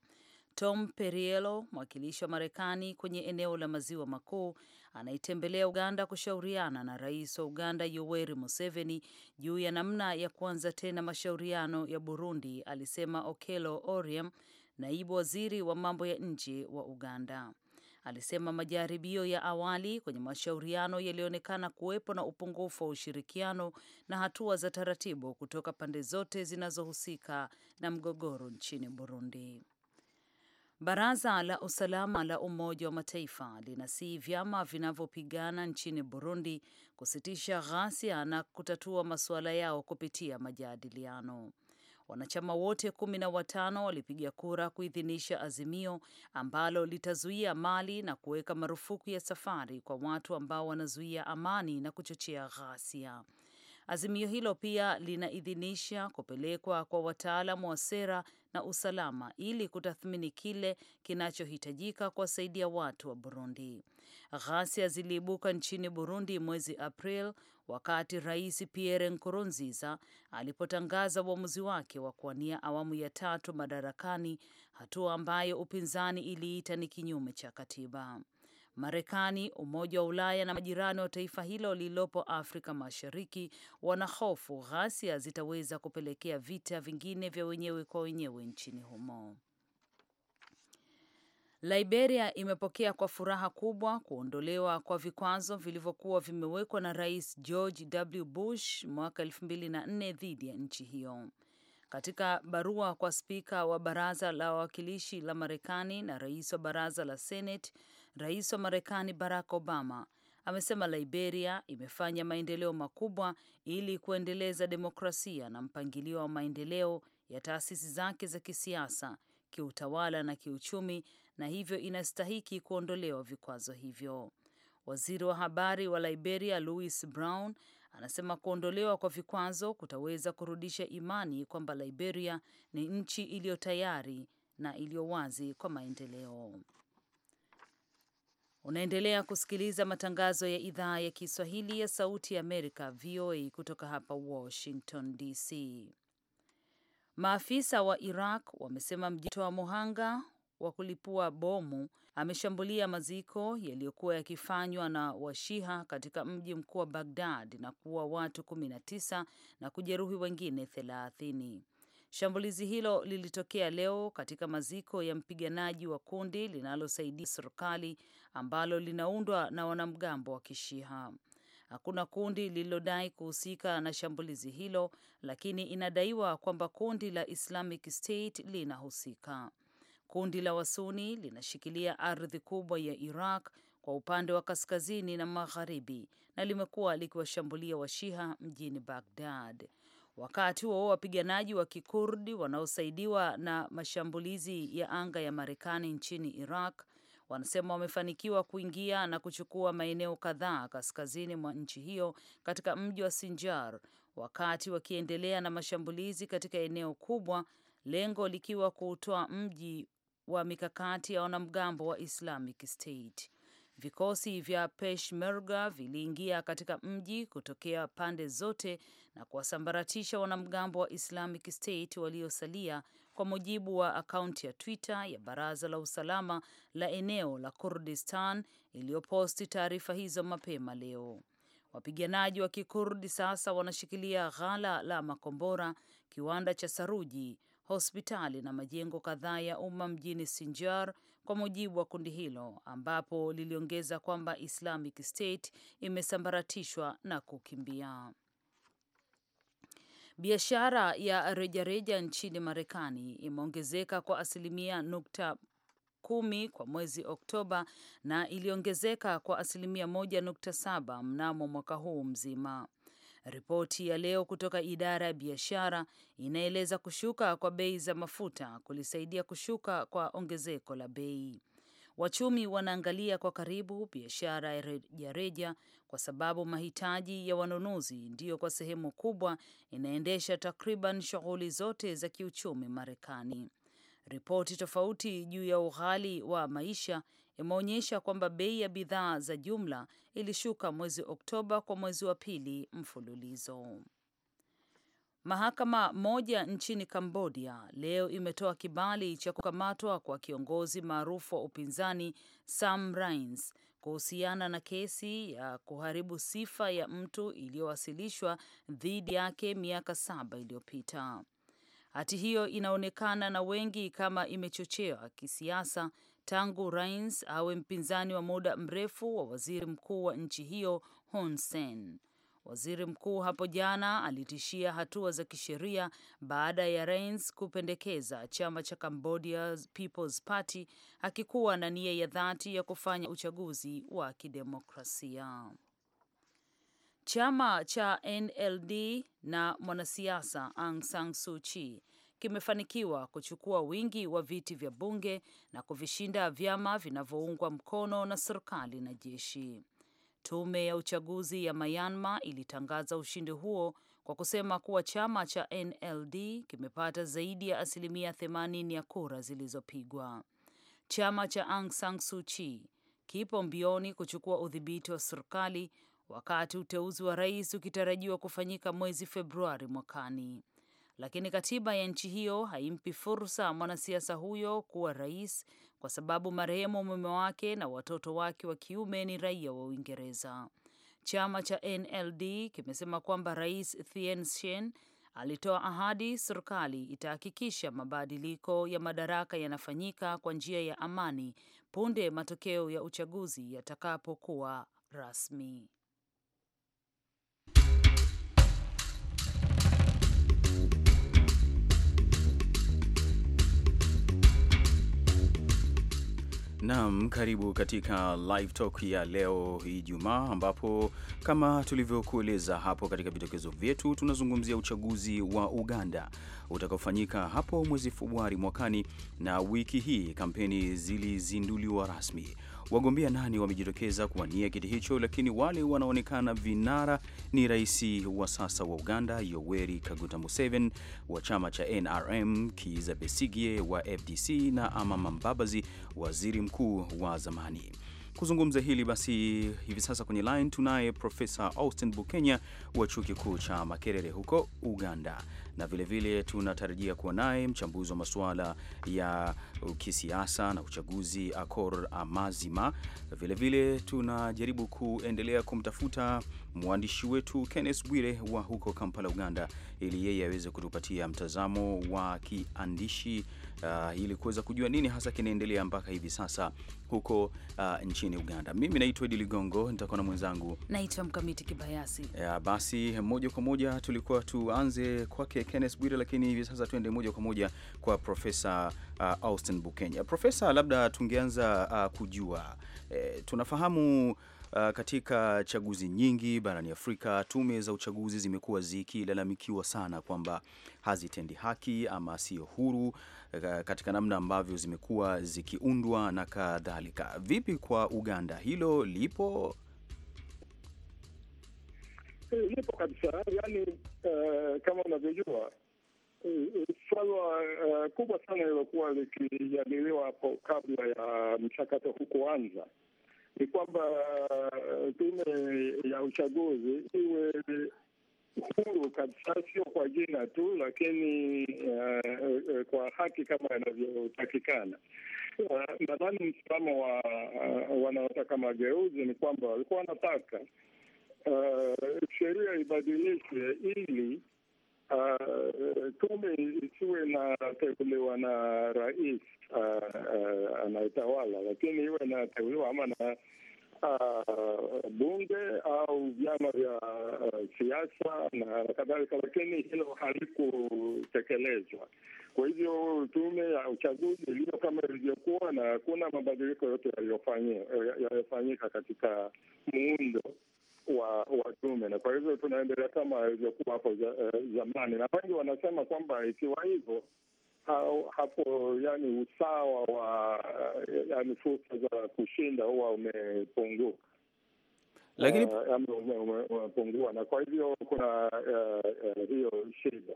B: Tom Perriello, mwakilishi wa Marekani kwenye eneo la maziwa makuu, anaitembelea Uganda kushauriana na rais wa Uganda Yoweri Museveni juu ya namna ya kuanza tena mashauriano ya Burundi, alisema Okello Oryem, naibu waziri wa mambo ya nje wa Uganda. Alisema majaribio ya awali kwenye mashauriano yalionekana kuwepo na upungufu wa ushirikiano na hatua za taratibu kutoka pande zote zinazohusika na mgogoro nchini Burundi. Baraza la Usalama la Umoja wa Mataifa linasihi vyama vinavyopigana nchini Burundi kusitisha ghasia na kutatua masuala yao kupitia majadiliano. Wanachama wote kumi na watano walipiga kura kuidhinisha azimio ambalo litazuia mali na kuweka marufuku ya safari kwa watu ambao wanazuia amani na kuchochea ghasia. Azimio hilo pia linaidhinisha kupelekwa kwa wataalamu wa sera na usalama ili kutathmini kile kinachohitajika kuwasaidia watu wa Burundi. Ghasia ziliibuka nchini Burundi mwezi April wakati Rais Pierre Nkurunziza alipotangaza uamuzi wake wa kuwania awamu ya tatu madarakani, hatua ambayo upinzani iliita ni kinyume cha katiba. Marekani, Umoja wa Ulaya na majirani wa taifa hilo lililopo Afrika Mashariki wanahofu ghasia zitaweza kupelekea vita vingine vya wenyewe kwa wenyewe nchini humo. Liberia imepokea kwa furaha kubwa kuondolewa kwa vikwazo vilivyokuwa vimewekwa na Rais George W. Bush mwaka 2004 dhidi ya nchi hiyo. Katika barua kwa spika wa baraza la wawakilishi la Marekani na rais wa baraza la Senate, Rais wa Marekani Barack Obama amesema Liberia imefanya maendeleo makubwa ili kuendeleza demokrasia na mpangilio wa maendeleo ya taasisi zake za kisiasa, kiutawala na kiuchumi, na hivyo inastahiki kuondolewa vikwazo hivyo. Waziri wa habari wa Liberia Louis Brown anasema kuondolewa kwa vikwazo kutaweza kurudisha imani kwamba Liberia ni nchi iliyo tayari na iliyo wazi kwa maendeleo. Unaendelea kusikiliza matangazo ya idhaa ya Kiswahili ya Sauti ya Amerika, VOA, kutoka hapa Washington DC. Maafisa wa Iraq wamesema mjitoa muhanga wa kulipua bomu ameshambulia maziko yaliyokuwa yakifanywa na Washiha katika mji mkuu wa Bagdad na kuua watu 19 na kujeruhi wengine 30. Shambulizi hilo lilitokea leo katika maziko ya mpiganaji wa kundi linalosaidia serikali ambalo linaundwa na wanamgambo wa Kishiha. Hakuna kundi lililodai kuhusika na shambulizi hilo, lakini inadaiwa kwamba kundi la Islamic State linahusika. Kundi la Wasuni linashikilia ardhi kubwa ya Iraq kwa upande wa kaskazini na magharibi na limekuwa likiwashambulia Washiha mjini Bagdad. Wakati huo wapiganaji wa Kikurdi wanaosaidiwa na mashambulizi ya anga ya Marekani nchini Iraq wanasema wamefanikiwa kuingia na kuchukua maeneo kadhaa kaskazini mwa nchi hiyo katika mji wa Sinjar, wakati wakiendelea na mashambulizi katika eneo kubwa, lengo likiwa kuutoa mji wa mikakati ya wanamgambo wa Islamic State. Vikosi vya Peshmerga viliingia katika mji kutokea pande zote na kuwasambaratisha wanamgambo wa Islamic State waliosalia, kwa mujibu wa akaunti ya Twitter ya Baraza la Usalama la eneo la Kurdistan iliyoposti taarifa hizo mapema leo. Wapiganaji wa Kikurdi sasa wanashikilia ghala la makombora, kiwanda cha saruji, hospitali na majengo kadhaa ya umma mjini Sinjar kwa mujibu wa kundi hilo, ambapo liliongeza kwamba Islamic State imesambaratishwa na kukimbia. Biashara ya rejareja nchini Marekani imeongezeka kwa asilimia nukta kumi kwa mwezi Oktoba na iliongezeka kwa asilimia moja nukta saba mnamo mwaka huu mzima. Ripoti ya leo kutoka idara ya biashara inaeleza kushuka kwa bei za mafuta kulisaidia kushuka kwa ongezeko la bei. Wachumi wanaangalia kwa karibu biashara ya rejareja kwa sababu mahitaji ya wanunuzi ndiyo kwa sehemu kubwa inaendesha takriban shughuli zote za kiuchumi Marekani. Ripoti tofauti juu ya ughali wa maisha imeonyesha kwamba bei ya bidhaa za jumla ilishuka mwezi Oktoba kwa mwezi wa pili mfululizo. Mahakama moja nchini Kambodia leo imetoa kibali cha kukamatwa kwa kiongozi maarufu wa upinzani Sam Rainsy kuhusiana na kesi ya kuharibu sifa ya mtu iliyowasilishwa dhidi yake miaka saba iliyopita. Hati hiyo inaonekana na wengi kama imechochewa kisiasa tangu rains awe mpinzani wa muda mrefu wa waziri mkuu wa nchi hiyo Hun Sen. Waziri mkuu hapo jana alitishia hatua za kisheria baada ya Rains kupendekeza chama cha Cambodia People's Party akikuwa na nia ya dhati ya kufanya uchaguzi wa kidemokrasia. Chama cha NLD na mwanasiasa Aung San Suu Kyi kimefanikiwa kuchukua wingi wa viti vya bunge na kuvishinda vyama vinavyoungwa mkono na serikali na jeshi. Tume ya uchaguzi ya Myanmar ilitangaza ushindi huo kwa kusema kuwa chama cha NLD kimepata zaidi ya asilimia 80 ya kura zilizopigwa. Chama cha Aung San Suu Kyi kipo mbioni kuchukua udhibiti wa serikali wakati uteuzi wa rais ukitarajiwa kufanyika mwezi Februari mwakani lakini katiba ya nchi hiyo haimpi fursa mwanasiasa huyo kuwa rais kwa sababu marehemu mume wake na watoto wake wa kiume ni raia wa Uingereza. Chama cha NLD kimesema kwamba Rais Thein Sein alitoa ahadi serikali itahakikisha mabadiliko ya madaraka yanafanyika kwa njia ya amani punde matokeo ya uchaguzi yatakapokuwa rasmi.
A: Naam, karibu katika live talk ya leo Ijumaa, ambapo kama tulivyokueleza hapo katika vitokezo vyetu, tunazungumzia uchaguzi wa Uganda utakaofanyika hapo mwezi Februari mwakani, na wiki hii kampeni zilizinduliwa rasmi. Wagombea nane wamejitokeza kuwania kiti hicho, lakini wale wanaonekana vinara ni rais wa sasa wa Uganda Yoweri Kaguta Museveni wa chama cha NRM, Kizza Besigye wa FDC na Amama Mbabazi, waziri mkuu wa zamani. Kuzungumza hili basi, hivi sasa kwenye line tunaye Profesa Austin Bukenya wa chuo kikuu cha Makerere huko Uganda, na vilevile vile tunatarajia kuwa naye mchambuzi wa masuala ya kisiasa na uchaguzi Akor Amazima. Vilevile tunajaribu kuendelea kumtafuta mwandishi wetu Kenneth Bwire wa huko Kampala, Uganda, ili yeye aweze kutupatia mtazamo wa kiandishi uh, ili kuweza kujua nini hasa kinaendelea mpaka hivi sasa huko uh, nchini Uganda. Mimi naitwa Idi Ligongo, nitakuwa na mwenzangu
B: naitwa Mkamiti Kibayasi. Uh,
A: basi moja kwa moja tulikuwa tuanze kwake Kenneth Bwire, lakini hivi sasa tuende moja kwa moja kwa Profesa uh, Austin Bukenya. Profesa, labda tungeanza uh, kujua eh, tunafahamu Uh, katika chaguzi nyingi barani Afrika tume za uchaguzi zimekuwa zikilalamikiwa sana kwamba hazitendi haki ama sio huru Eh, katika namna ambavyo zimekuwa zikiundwa na kadhalika. Vipi kwa Uganda, hilo lipo?
D: Eh, lipo kabisa, yaani uh, kama unavyojua swala uh, kubwa sana lilokuwa likijadiliwa hapo kabla ya mchakato huu kuanza ni kwamba tume ya uchaguzi iwe huru kabisa, sio kwa jina tu, lakini uh, uh, kwa haki kama inavyotakikana. Uh, eh, nadhani msimamo wa uh, wanaotaka mageuzi ni kwamba walikuwa wanataka uh, sheria ibadilishwe ili Uh, tume isiwe inateuliwa na rais uh, uh, anayetawala, lakini iwe inateuliwa ama na uh, bunge au vyama vya uh, siasa na kadhalika, lakini hilo halikutekelezwa. Kwa hivyo tume ya uchaguzi iliyo kama ilivyokuwa, na hakuna mabadiliko yote yaliyofanyika katika muundo wa wa tume, na kwa hivyo tunaendelea kama ilivyokuwa hapo eh, zamani, na wengi wanasema kwamba ikiwa hivyo ha, hapo yani usawa wa yani fursa za kushinda huwa umepungua lakini uh, umepungua na kwa hivyo kuna uh, uh, hiyo
E: shida.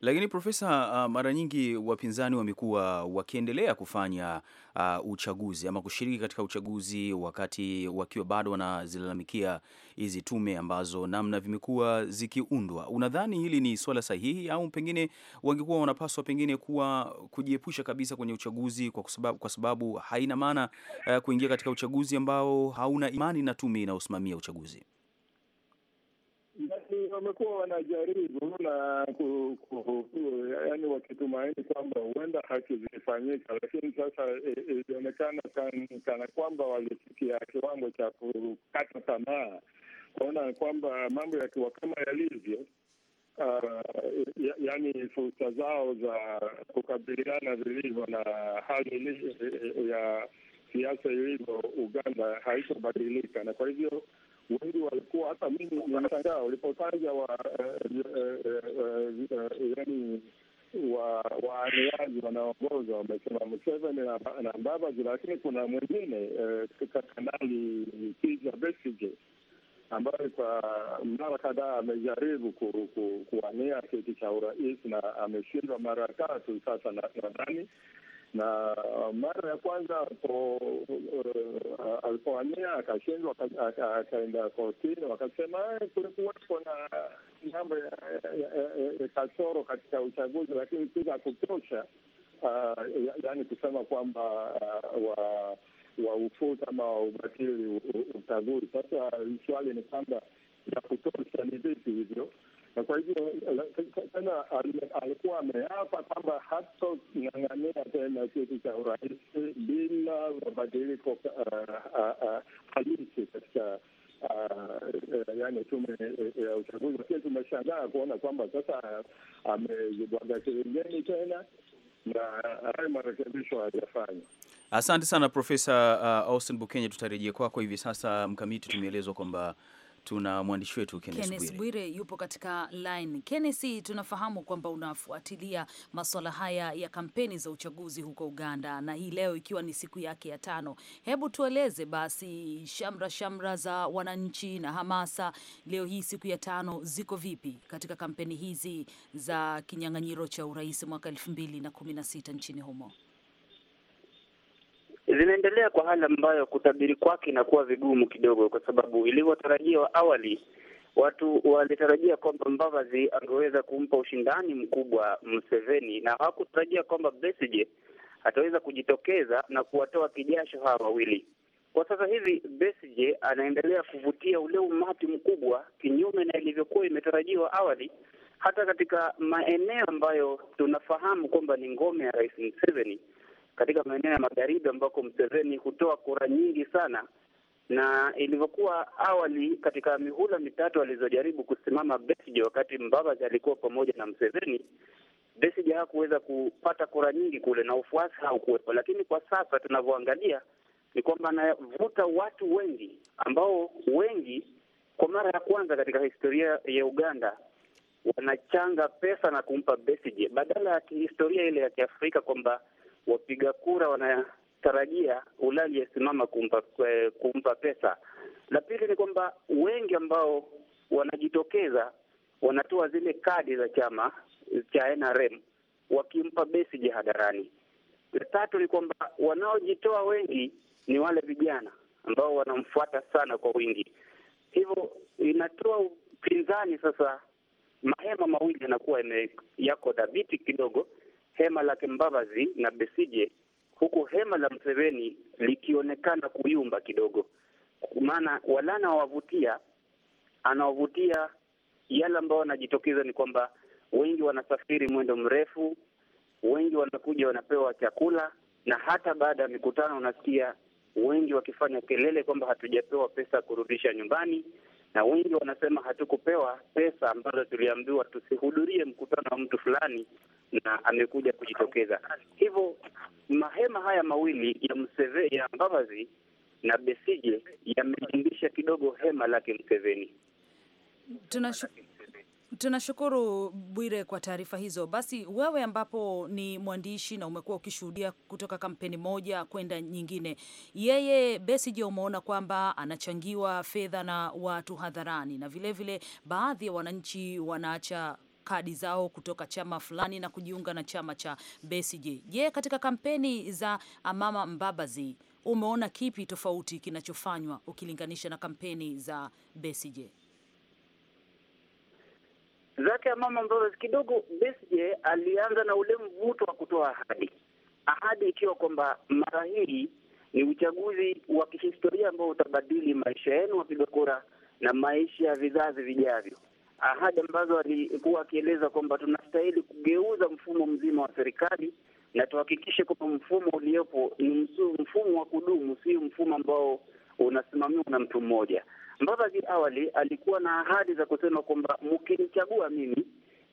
A: Lakini profesa, uh, mara nyingi wapinzani wamekuwa wakiendelea kufanya uh, uchaguzi ama kushiriki katika uchaguzi wakati wakiwa bado wanazilalamikia hizi tume ambazo namna vimekuwa zikiundwa. Unadhani hili ni swala sahihi au pengine wangekuwa wanapaswa pengine kuwa kujiepusha kabisa kwenye uchaguzi kwa sababu, kwa sababu haina maana uh, kuingia katika uchaguzi ambao hauna imani na tume inayosimamia uchaguzi?
D: wamekuwa wanajaribu na ku, ku, wakitumaini kwamba huenda haki zilifanyika, lakini sasa e, e, ilionekana e, kan, kana kwamba walifikia kiwango cha kukata tamaa, kuona kwamba mambo yakiwa kama yalivyo Uh, yani fursa zao za kukabiliana vilivyo na hali e, ya siasa ilivyo Uganda haitobadilika, na kwa hivyo wengi walikuwa hata mimi nashangaa walipotaja wa yaani waaniaji wanaongoza wamesema Museveni na Mbabazi, lakini kuna mwingine Kanali Kizza Besigye ambaye kwa mara kadhaa amejaribu kuwania kiti cha urais na ameshindwa mara tatu. Sasa nadhani na mara ya kwanza eh, alipohamia akashindwa, akaenda kotini, wakasema eh, kulikuwepo na mambo ya kasoro katika uchaguzi, lakini si za kutosha, eh, yaani kusema kwamba wa waufuta ama waubatili uchaguzi. Sasa swali ni kwamba ya kutosha ni vipi hivyo? na kwa hivyo tena alikuwa ameapa kwamba hatong'ang'ania tena kiti cha urais bila mabadiliko uh, uh, uh, halisi katika yaani tume ya uchaguzi. Lakini tumeshangaa kuona kwamba sasa amezibwaga kilingeni tena na hayo marekebisho
B: hayajafanywa.
A: Asante sana Profesa Austin Bukenye, tutarejea kwako hivi sasa. Mkamiti, tumeelezwa kwamba tuna mwandishi wetu
B: Bwire yupo katika line. Kennes, tunafahamu kwamba unafuatilia masuala haya ya kampeni za uchaguzi huko Uganda, na hii leo ikiwa ni siku yake ya tano, hebu tueleze basi shamra shamra za wananchi na hamasa leo hii siku ya tano ziko vipi katika kampeni hizi za kinyang'anyiro cha urais mwaka 2016 nchini humo?
E: zinaendelea kwa hali ambayo kutabiri kwake inakuwa vigumu kidogo, kwa sababu ilivyotarajiwa awali watu walitarajia kwamba Mbavazi angeweza kumpa ushindani mkubwa Mseveni, na hawakutarajia kwamba Besigye ataweza kujitokeza na kuwatoa kijasho hawa wawili. Kwa sasa hivi Besigye anaendelea kuvutia ule umati mkubwa, kinyume na ilivyokuwa imetarajiwa awali, hata katika maeneo ambayo tunafahamu kwamba ni ngome ya Rais Mseveni katika maeneo ya magharibi ambako Mseveni hutoa kura nyingi sana, na ilivyokuwa awali katika mihula mitatu alizojaribu kusimama Besigye, wakati Mbabazi alikuwa pamoja na Mseveni, Besigye hakuweza kupata kura nyingi kule na ufuasi haukuwepo. Lakini kwa sasa tunavyoangalia ni kwamba anavuta watu wengi ambao wengi kwa mara ya kwanza katika historia ya Uganda wanachanga pesa na kumpa Besigye badala ya kihistoria ile ya Kiafrika kwamba wapiga kura wanatarajia Ulaya yasimama kumpa, eh, kumpa pesa. La pili ni kwamba wengi ambao wanajitokeza wanatoa zile kadi za chama cha NRM wakimpa besi hadharani. La tatu ni kwamba wanaojitoa wengi ni wale vijana ambao wanamfuata sana kwa wingi, hivyo inatoa upinzani sasa. Mahema mawili yanakuwa yako dhabiti kidogo, hema lake Mbabazi na Besije, huku hema la Mseveni likionekana kuyumba kidogo, maana wala anawavutia anawavutia yale ambao wanajitokeza ni kwamba wengi wanasafiri mwendo mrefu, wengi wanakuja wanapewa chakula, na hata baada ya mikutano unasikia wengi wakifanya kelele kwamba hatujapewa pesa kurudisha nyumbani, na wengi wanasema hatukupewa pesa ambazo tuliambiwa tusihudhurie mkutano wa mtu fulani, na amekuja kujitokeza. Hivyo mahema haya mawili ya Mseveni, ya Mbavazi na Besije yamejimbisha kidogo hema lake Mseveni.
B: Tunashukuru tunashukuru Bwire kwa taarifa hizo. Basi wewe ambapo ni mwandishi na umekuwa ukishuhudia kutoka kampeni moja kwenda nyingine, yeye Besigye umeona kwamba anachangiwa fedha na watu hadharani, na vilevile baadhi ya wananchi wanaacha kadi zao kutoka chama fulani na kujiunga na chama cha Besigye. Je, katika kampeni za Amama Mbabazi umeona kipi tofauti kinachofanywa ukilinganisha na kampeni za Besigye?
E: zake ya mama Mbabazi kidogo. Besigye alianza na ule mvuto wa kutoa ahadi, ahadi ikiwa kwamba mara hii ni uchaguzi wa kihistoria ambao utabadili maisha yenu wapiga kura na maisha ya vizazi vijavyo, ahadi ambazo alikuwa akieleza kwamba tunastahili kugeuza mfumo mzima wa serikali na tuhakikishe kwamba mfumo uliopo ni mfumo wa kudumu, si mfumo ambao unasimamiwa na mtu mmoja. Mbabazi awali alikuwa na ahadi za kusema kwamba mkinichagua mimi,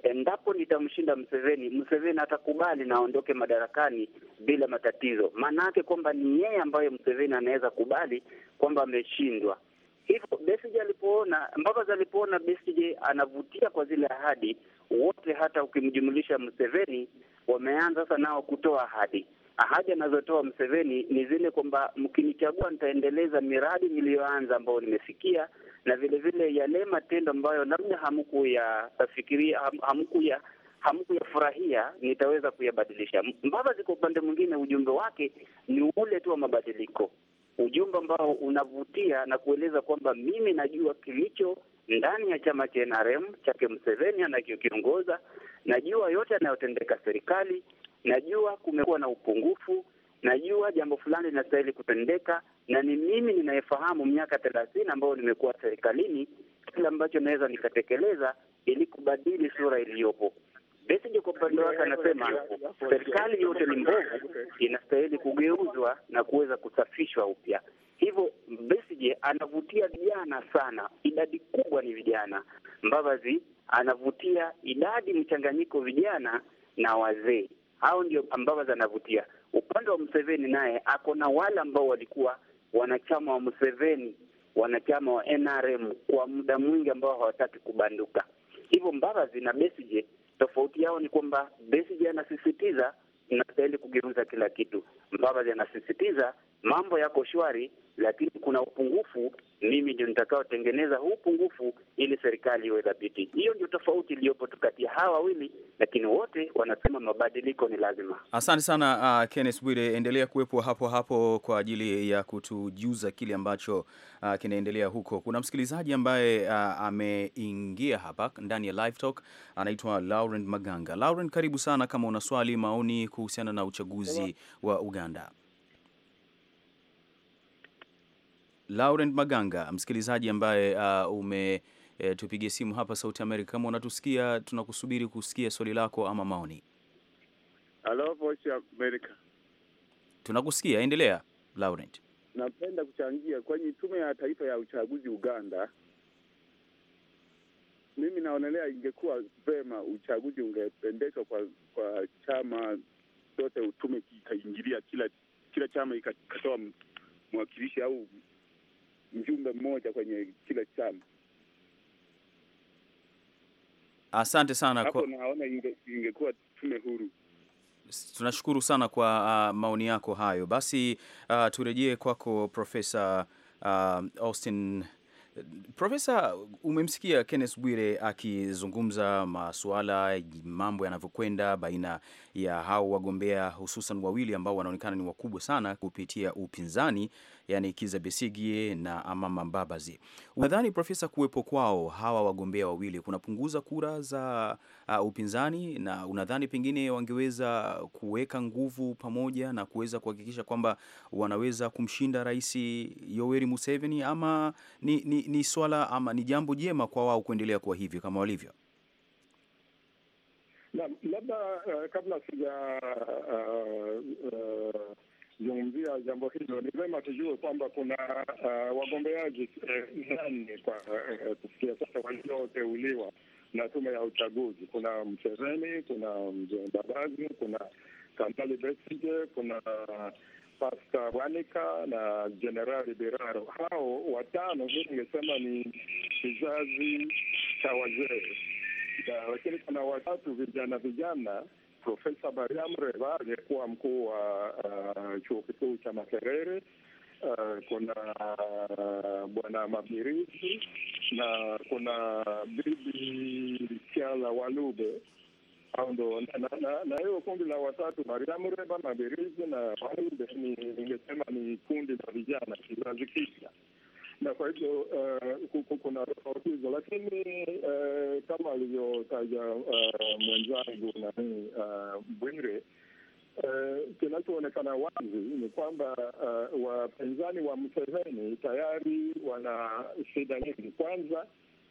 E: endapo nitamshinda Mseveni, Mseveni atakubali na aondoke madarakani bila matatizo. Maana yake kwamba ni yeye ambaye Mseveni anaweza kubali kwamba ameshindwa. Hivyo Besigye alipoona, Mbabazi alipoona Besigye anavutia kwa zile ahadi, wote hata ukimjumlisha Mseveni wameanza sasa nao kutoa ahadi ahadi anazotoa Mseveni ni zile kwamba mkinichagua, nitaendeleza miradi niliyoanza ambayo nimefikia, na vile vile yale matendo ambayo labda hamkuyafikiria, hamkuya hamkuyafurahia nitaweza kuyabadilisha. Mbavazi kwa upande mwingine, ujumbe wake ni ule tu wa mabadiliko, ujumbe ambao unavutia na kueleza kwamba mimi najua kilicho ndani ya chama cha NRM chake Mseveni anakikiongoza, najua yote anayotendeka serikali, najua kumekuwa na upungufu, najua jambo fulani linastahili kutendeka, na ni mimi ninayefahamu miaka thelathini ambayo nimekuwa serikalini, kile ambacho naweza nikatekeleza ili kubadili sura iliyopo. Besigye kwa upande wake anasema serikali yote ni mbovu, inastahili kugeuzwa na kuweza kusafishwa upya. Hivyo Besigye anavutia vijana sana, idadi kubwa ni vijana. Mbabazi anavutia idadi mchanganyiko vijana na wazee. Hao ndio ambao zanavutia. Upande wa Museveni naye ako na wale ambao walikuwa wanachama wa Museveni, wanachama wa NRM kwa muda mwingi, ambao hawataki kubanduka. Hivyo Mbabazi na besije tofauti yao ni kwamba besije anasisitiza mnastahili kugeuza kila kitu. Mbabazi anasisitiza mambo yako shwari, lakini kuna upungufu, mimi ndio nitakaotengeneza huu upungufu ili serikali iwe dhabiti. Hiyo ndio tofauti iliyopo kati ya hawa wawili, lakini wote wanasema mabadiliko ni lazima.
A: Asante sana uh, Kenneth Bwire, endelea kuwepo hapo hapo kwa ajili ya kutujuza kile ambacho uh, kinaendelea huko. Kuna msikilizaji ambaye uh, ameingia hapa ndani ya live talk, anaitwa Lauren Maganga. Lauren, karibu sana, kama una swali, maoni kuhusiana na uchaguzi wa Uganda. Laurent Maganga, msikilizaji ambaye uh, ume e, simu hapa Sauti Amerika. Kama unatusikia, tunakusubiri kusikia swali lako ama maoni.
D: Hello, Voice of America.
A: Tunakusikia, endelea Laurent.
D: Napenda kuchangia kwenye tume ya taifa ya uchaguzi Uganda. Mimi naonelea ingekuwa vema uchaguzi ungependeshwa kwa kwa chama zote, utume ikaingilia kila kila chama ikatoa mwakilishi au mjumbe mmoja kwenye kila chama.
A: Asante sana hapo kwa...
D: naona ingekuwa tume huru.
A: Tunashukuru sana kwa uh, maoni yako hayo. Basi uh, turejee kwako Profesa uh, Austin. Profesa, umemsikia Kenneth Bwire akizungumza masuala mambo yanavyokwenda baina ya hao wagombea hususan wawili ambao wanaonekana ni wakubwa sana kupitia upinzani yani Kiza Besigye na Amama Mbabazi. Unadhani Profesa, kuwepo kwao hawa wagombea wawili kunapunguza kura za uh, upinzani na unadhani pengine wangeweza kuweka nguvu pamoja na kuweza kuhakikisha kwamba wanaweza kumshinda Rais Yoweri Museveni ama ni, ni, ni swala ama ni jambo jema kwa wao kuendelea kuwa hivyo kama walivyo?
D: Labda uh, kabla sija uh, uh, zungumzia jambo hilo, ni vema tujue kwamba kuna uh, wagombeaji nane eh, kwa eh, kufikia sasa walioteuliwa na tume ya uchaguzi. Kuna mseveni kuna Mzee Mbabazi, kuna Kambali Besije, kuna Pasta Wanika na Jenerali Biraro. Hao watano hii ningesema ni kizazi cha wazee, lakini kuna watatu vijana vijana Profesa Mariam Reva aliyekuwa mkuu wa uh, chuo kikuu cha Makerere. Uh, kuna uh, bwana Mabirizi na kuna bibi Kiala Walube au ndo na hiyo kundi la watatu, Mariamu Reba, Mabirizi na Walube, ningesema ni kundi la vijana kizazi kipya na kwa hivyo uh, kuna tofauti hizo, lakini uh, kama alivyotaja uh, mwenzangu nani uh, Bwire uh, kinachoonekana wazi ni kwamba uh, wapinzani wa Mseveni tayari wana shida nyingi. Kwanza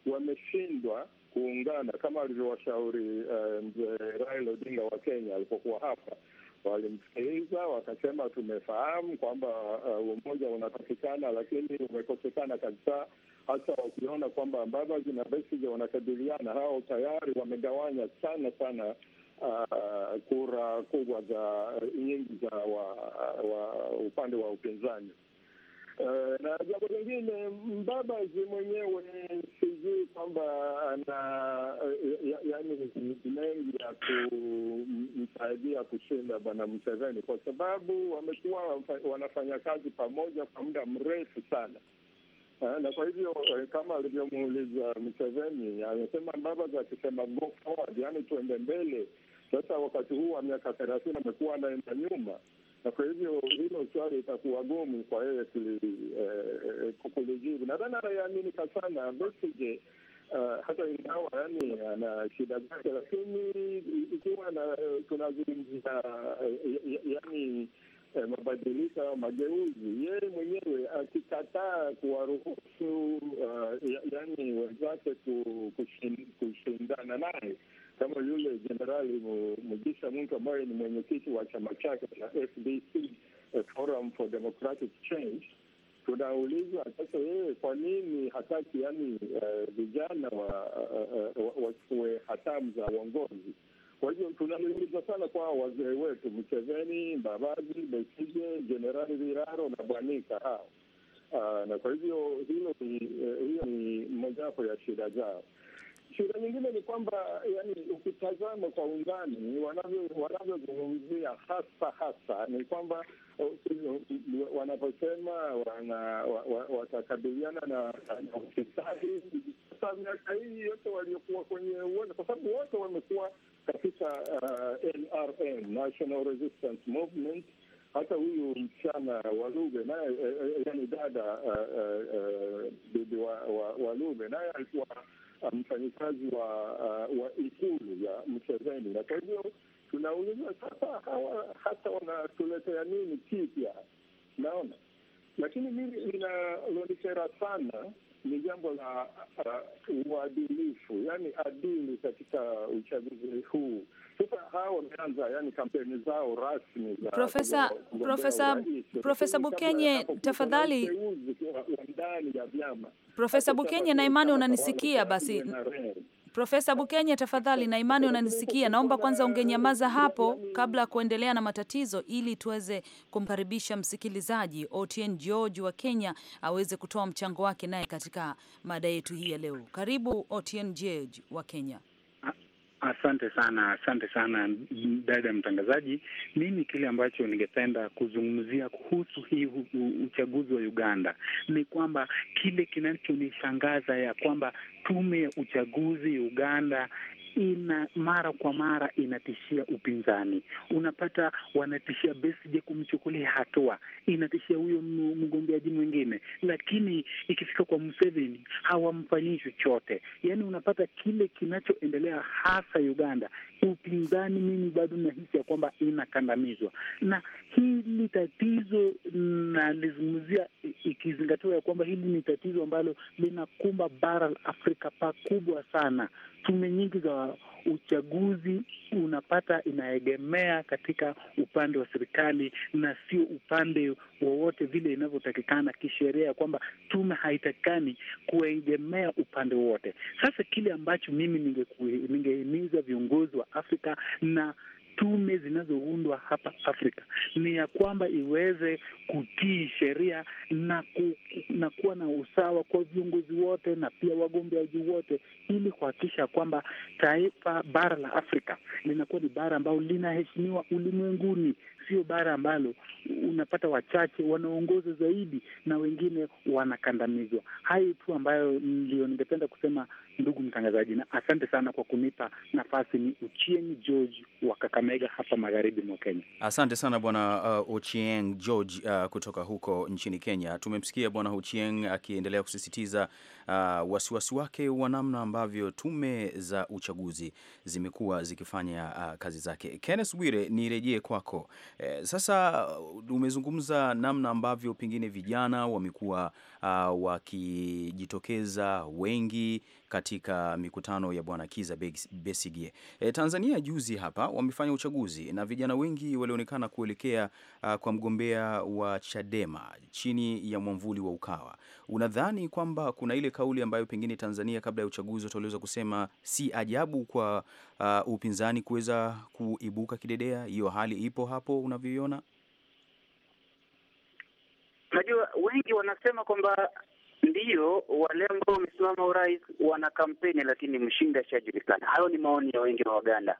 D: wameshindwa kuungana kama alivyowashauri uh, mzee Odinga wa Kenya alipokuwa hapa walimsikiliza wakasema, tumefahamu kwamba uh, umoja unapatikana, lakini umekosekana kabisa, hasa wakiona kwamba Mbabazi na Besigye wanakabiliana. Hao tayari wamegawanya sana sana uh, kura kubwa za uh, nyingi za wa, wa upande wa upinzani. Eh, na jambo lingine Mbabazi mwenyewe sijui kwamba ana yaani mengi ya kumsaidia kushinda bwana mseveni kwa sababu wamekuwa wanafanya kazi pamoja kwa muda mrefu sana eh, na kwa hivyo kama alivyomuuliza mseveni amesema Mbabazi akisema go forward, yaani tuende mbele. Sasa wakati huu wa miaka thelathini amekuwa anaenda nyuma na kwa hivyo hilo swali itakuwa gumu kwa yeye eh, eh, kulijibu. Nadhani anayeaminika sana Besigye, eh, hata ingawa yani ana shida zake, lakini ikiwa tunazungumzia yani mabadiliko au mageuzi, yeye mwenyewe akikataa kuwaruhusu yani wenzake kushindana naye kama yule Jenerali Mugisha Muntu ambaye ni mwenyekiti wa chama chake cha FDC, eh, Forum for Democratic Change. Tunaulizwa sasa, yeye kwa nini hataki yani eh, vijana uh, wachukue uh, uh, hatamu za uongozi? Kwa hivyo tunaliuliza sana kwa wazee wetu Mseveni, Mbabazi, besije Jenerali viraro na Bwanika hao uh, na kwa hivyo hilo ni, uh, eh, hiyo ni mojawapo ya shida zao shida nyingine ni kwamba yani, ukitazama kwa undani wanavyozungumzia hasa hasa ni kwamba wanaposema watakabiliana na ufisadi, sasa miaka hii yote waliokuwa kwenye uwanja, kwa sababu wote wamekuwa katika uh, NRM, National Resistance Movement. Hata huyu msichana Walube naye, eh, eh, yani dada uh, uh, bibi wa Walube naye alikuwa Uh, mfanyikazi wa uh, wa ikulu ya Mseveni, na kwa hivyo tunauliza sasa, hawa hata wanatuletea nini kipya? Naona, lakini mimi linalonikera sana ni jambo la uh, uadilifu, yani adili katika uchaguzi huu. Sasa hawa wameanza yani kampeni zao rasmi za Profesa Profesa Profesa Bukenye, tafadhali ndani ya vyama.
B: Profesa Bukenye, na imani unanisikia basi na Profesa Bukenya, tafadhali na imani unanisikia, naomba kwanza ungenyamaza hapo kabla ya kuendelea na matatizo, ili tuweze kumkaribisha msikilizaji Otieno George wa Kenya aweze kutoa mchango wake naye katika mada yetu hii ya leo. Karibu otn George wa Kenya.
C: Asante sana, asante sana dada ya mtangazaji. Mimi kile ambacho ningependa kuzungumzia kuhusu hii uchaguzi wa Uganda ni kwamba kile kinachonishangaza ya kwamba tume ya uchaguzi Uganda ina mara kwa mara inatishia upinzani, unapata wanatishia Besigye kumchukulia hatua, inatishia huyo mgombeaji mwingine, lakini ikifika kwa Museveni hawamfanyii chochote. Yani unapata kile kinachoendelea hasa Uganda upinzani, mimi bado nahisi ya kwamba inakandamizwa, na hili tatizo nalizungumzia ikizingatiwa ya kwamba hili ni tatizo ambalo linakumba bara la Afrika pakubwa sana. Tume nyingi za uchaguzi unapata inaegemea katika upande wa serikali na sio upande wowote vile inavyotakikana kisheria, ya kwamba tume haitakikani kuegemea upande wowote. Sasa kile ambacho mimi ningehimiza ninge viongozi wa Afrika na tume zinazoundwa hapa Afrika ni ya kwamba iweze kutii sheria na, ku, na kuwa na usawa kwa viongozi wote na pia wagombeaji wote, ili kuhakikisha kwamba taifa bara la Afrika linakuwa ni bara ambalo linaheshimiwa ulimwenguni, sio bara ambalo unapata wachache wanaongoza zaidi na wengine wanakandamizwa. Hayo tu ambayo ndio ningependa kusema ndugu mtangazaji, na asante sana kwa kunipa nafasi. Ni Uchieng George wa Kakamega hapa magharibi mwa Kenya.
A: Asante sana bwana uh, Uchieng George uh, kutoka huko nchini Kenya. Tumemsikia bwana Uchieng akiendelea kusisitiza Ah, wasiwasi wake wa namna ambavyo tume za uchaguzi zimekuwa zikifanya uh, kazi zake. Kenneth Bwire, nirejee kwako. Eh, sasa umezungumza namna ambavyo pengine vijana wamekuwa uh, wakijitokeza wengi katika mikutano ya Bwana Kiza Besigye. E, Tanzania juzi hapa wamefanya uchaguzi na vijana wengi walionekana kuelekea uh, kwa mgombea wa Chadema chini ya mwamvuli wa Ukawa. Unadhani kwamba kuna ile kauli ambayo pengine Tanzania kabla ya uchaguzi utaweza kusema si ajabu kwa uh, upinzani kuweza kuibuka kidedea? Hiyo hali ipo hapo unavyoiona?
E: Unajua, wengi wanasema kwamba ndiyo wale ambao wamesimama urais wana kampeni, lakini mshindi ashajulikana. Hayo ni maoni ya wengi wa Waganda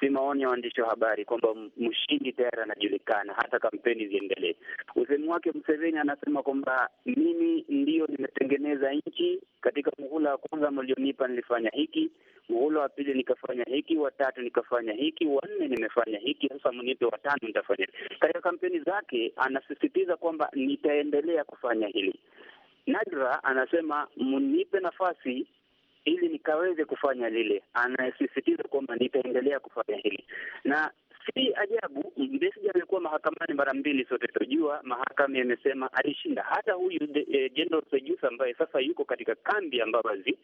E: si maoni ya waandishi wa habari kwamba mshindi tayari anajulikana, hata kampeni ziendelee. Usemi wake Mseveni anasema kwamba mimi ndiyo nimetengeneza nchi, katika muhula wa kwanza mlionipa nilifanya hiki, muhula wa pili nikafanya hiki, watatu nikafanya hiki, wanne nimefanya hiki, sasa mnipe watano nitafanya. Katika kampeni zake anasisitiza kwamba nitaendelea kufanya hili. Nadra anasema mnipe nafasi ili nikaweze kufanya lile. Anasisitiza kwamba nitaendelea kufanya hili, na si ajabu Besigye amekuwa mahakamani mara mbili, sote tunajua mahakama imesema alishinda. Hata huyu eh, General Sejusa ambaye sasa yuko katika kambi ya Mbabazi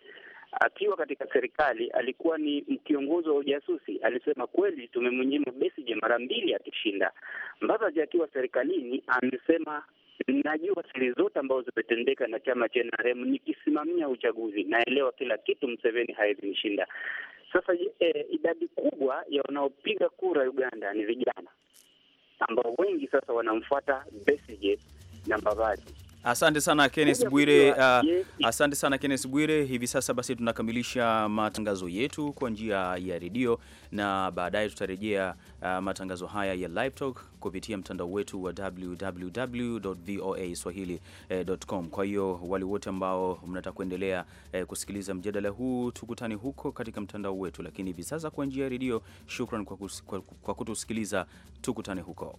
E: akiwa katika serikali alikuwa ni kiongozi wa ujasusi. Alisema kweli tumemnyima Besigye mara mbili akishinda. Mbabazi akiwa serikalini amesema najua siri zote ambazo zimetendeka na chama cha NRM. Nikisimamia uchaguzi, naelewa kila kitu, Mseveni hawezi nishinda. Sasa eh, idadi kubwa ya wanaopiga kura Uganda ni vijana ambao wengi sasa wanamfuata Besigye na Mbabazi.
A: Asante sana Kenneth Bwire, uh, asante sana Kenneth Bwire. Hivi sasa basi tunakamilisha matangazo yetu kwa njia ya redio na baadaye tutarejea uh, matangazo haya ya live talk kupitia mtandao wetu wa www.voaswahili.com. Kwa hiyo wale wote ambao mnataka kuendelea uh, kusikiliza mjadala huu, tukutane huko katika mtandao wetu, lakini hivi sasa kwa njia ya redio, shukran kwa, kwa, kwa kutusikiliza. Tukutane huko.